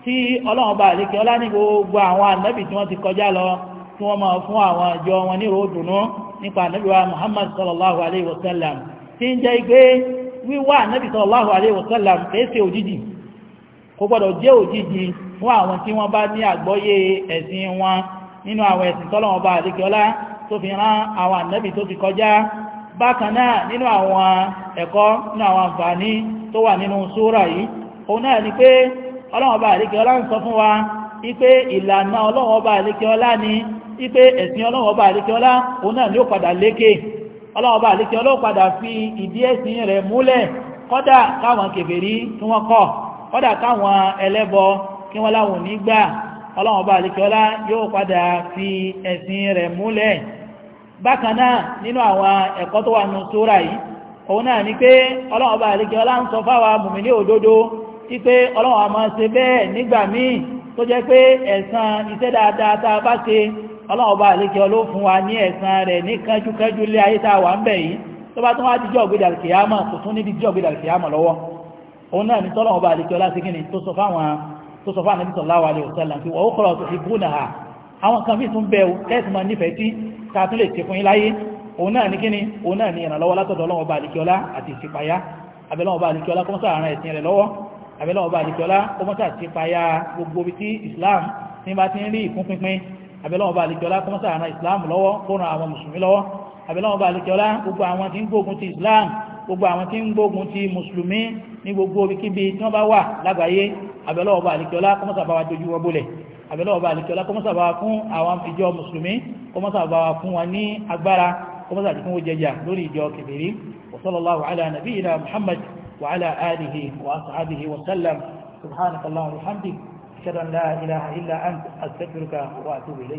tí ọlọ́ọba àlékí ọlá ní gbogbo àwọn ànábì tí wọ́n ti kọjá lọ tí wọ́n máa fún àwọn àjọ wọn ní ìró dùnú nípa ànábì Muhammad sallallahu alayhi wa sallam tí ń sallallahu alayhi wa sallam kèése òjijì kò gbọ́dọ̀ jẹ́ òjijì fún àwọn tí wọ́n bá ní àgbọ́yé ẹ̀sìn wọn tó fi rán àwọn ànábì tó fi kọjá bákan náà nínú àwọn ẹ̀kọ́ nínú àwọn àǹfààní tó wà nínú súrà yìí òun náà ni pé ọlọ́wọ́ba àríkẹ́ sọ fún wa ipé ìlànà ọlọ́wọ́ba àríkẹ́ ọlá ni ipé ẹ̀sìn ọlọ́wọ́n náà ni padà lékè ọlọ́wọ́ba àríkẹ́ fi ìdí ẹ̀sìn rẹ̀ múlẹ̀ kọ́dà káwọn kèfèrí wọ́n kọ́ kọ́dà káwọn ẹlẹ́bọ kí wọ́n láwọn ní bákanáà nínú àwọn ẹ̀kọ́ tó wà nù súra yìí òun náà ni pé ọlọ́wọ́ bá àríkẹ́ ọlá ń sọ fáwà mùmìnì òdodo tí pé ọlọ́wọ́ a máa ṣe bẹ́ẹ̀ nígbà míì tó jẹ́ pé ẹ̀san iṣẹ́ dáadáa tá a bá ṣe ọlọ́wọ́ bá àríkẹ́ ọló fún wa ní ẹ̀san rẹ̀ ní kánjúkánjú lé ayé tá a wà ń bẹ̀ yìí tó bá tún wá ni tọ́lọ́wọ́ bá àríkẹ́ ọlá sí kíni tó sọ fáwọn tó ta tún lè ṣe fún yín láyé òun náà ní kíni òun náà ní ìrànlọ́wọ́ látọ̀dọ̀ ọlọ́wọ́ bá àdìkíọ́lá àti ìṣípayá abẹ́lọ́wọ́ bá àdìkíọ́lá kó mọ́sà àrán ẹ̀sìn rẹ̀ lọ́wọ́ abẹ́lọ́wọ́ bá àdìkíọ́lá kó mọ́sà Islam ní bá ti ń rí ìkún pínpín abẹ́lọ́wọ́ bá Islam lọ́wọ́ kó ran àwọn mùsùlùmí lọ́wọ́ abẹ́lọ́wọ́ bá àdìkíọ́lá gbogbo àwọn tí ń Islam gbogbo àwọn tí ń gbógun ti mùsùlùmí ní gbogbo ibikíbi tí wọ́n bá wà lágbàáyé abẹ́lọ́wọ́ bá àdìkíọ́lá kó mọ́sà wa dojú àbẹ̀lọ́wọ́ bá àlìkẹ́lá kọmọ́sà bá fún àwọn ìjọ mùsùlùmí kọmọ́sà bá fún wa ní agbára kọmọ́sà tí wọ́n jẹjà lórí ìjọ kèfèrí wasallallahu ala nabiyyina muhammad wa ala alihi wa ashabihi wa sallam subhanakallahu wa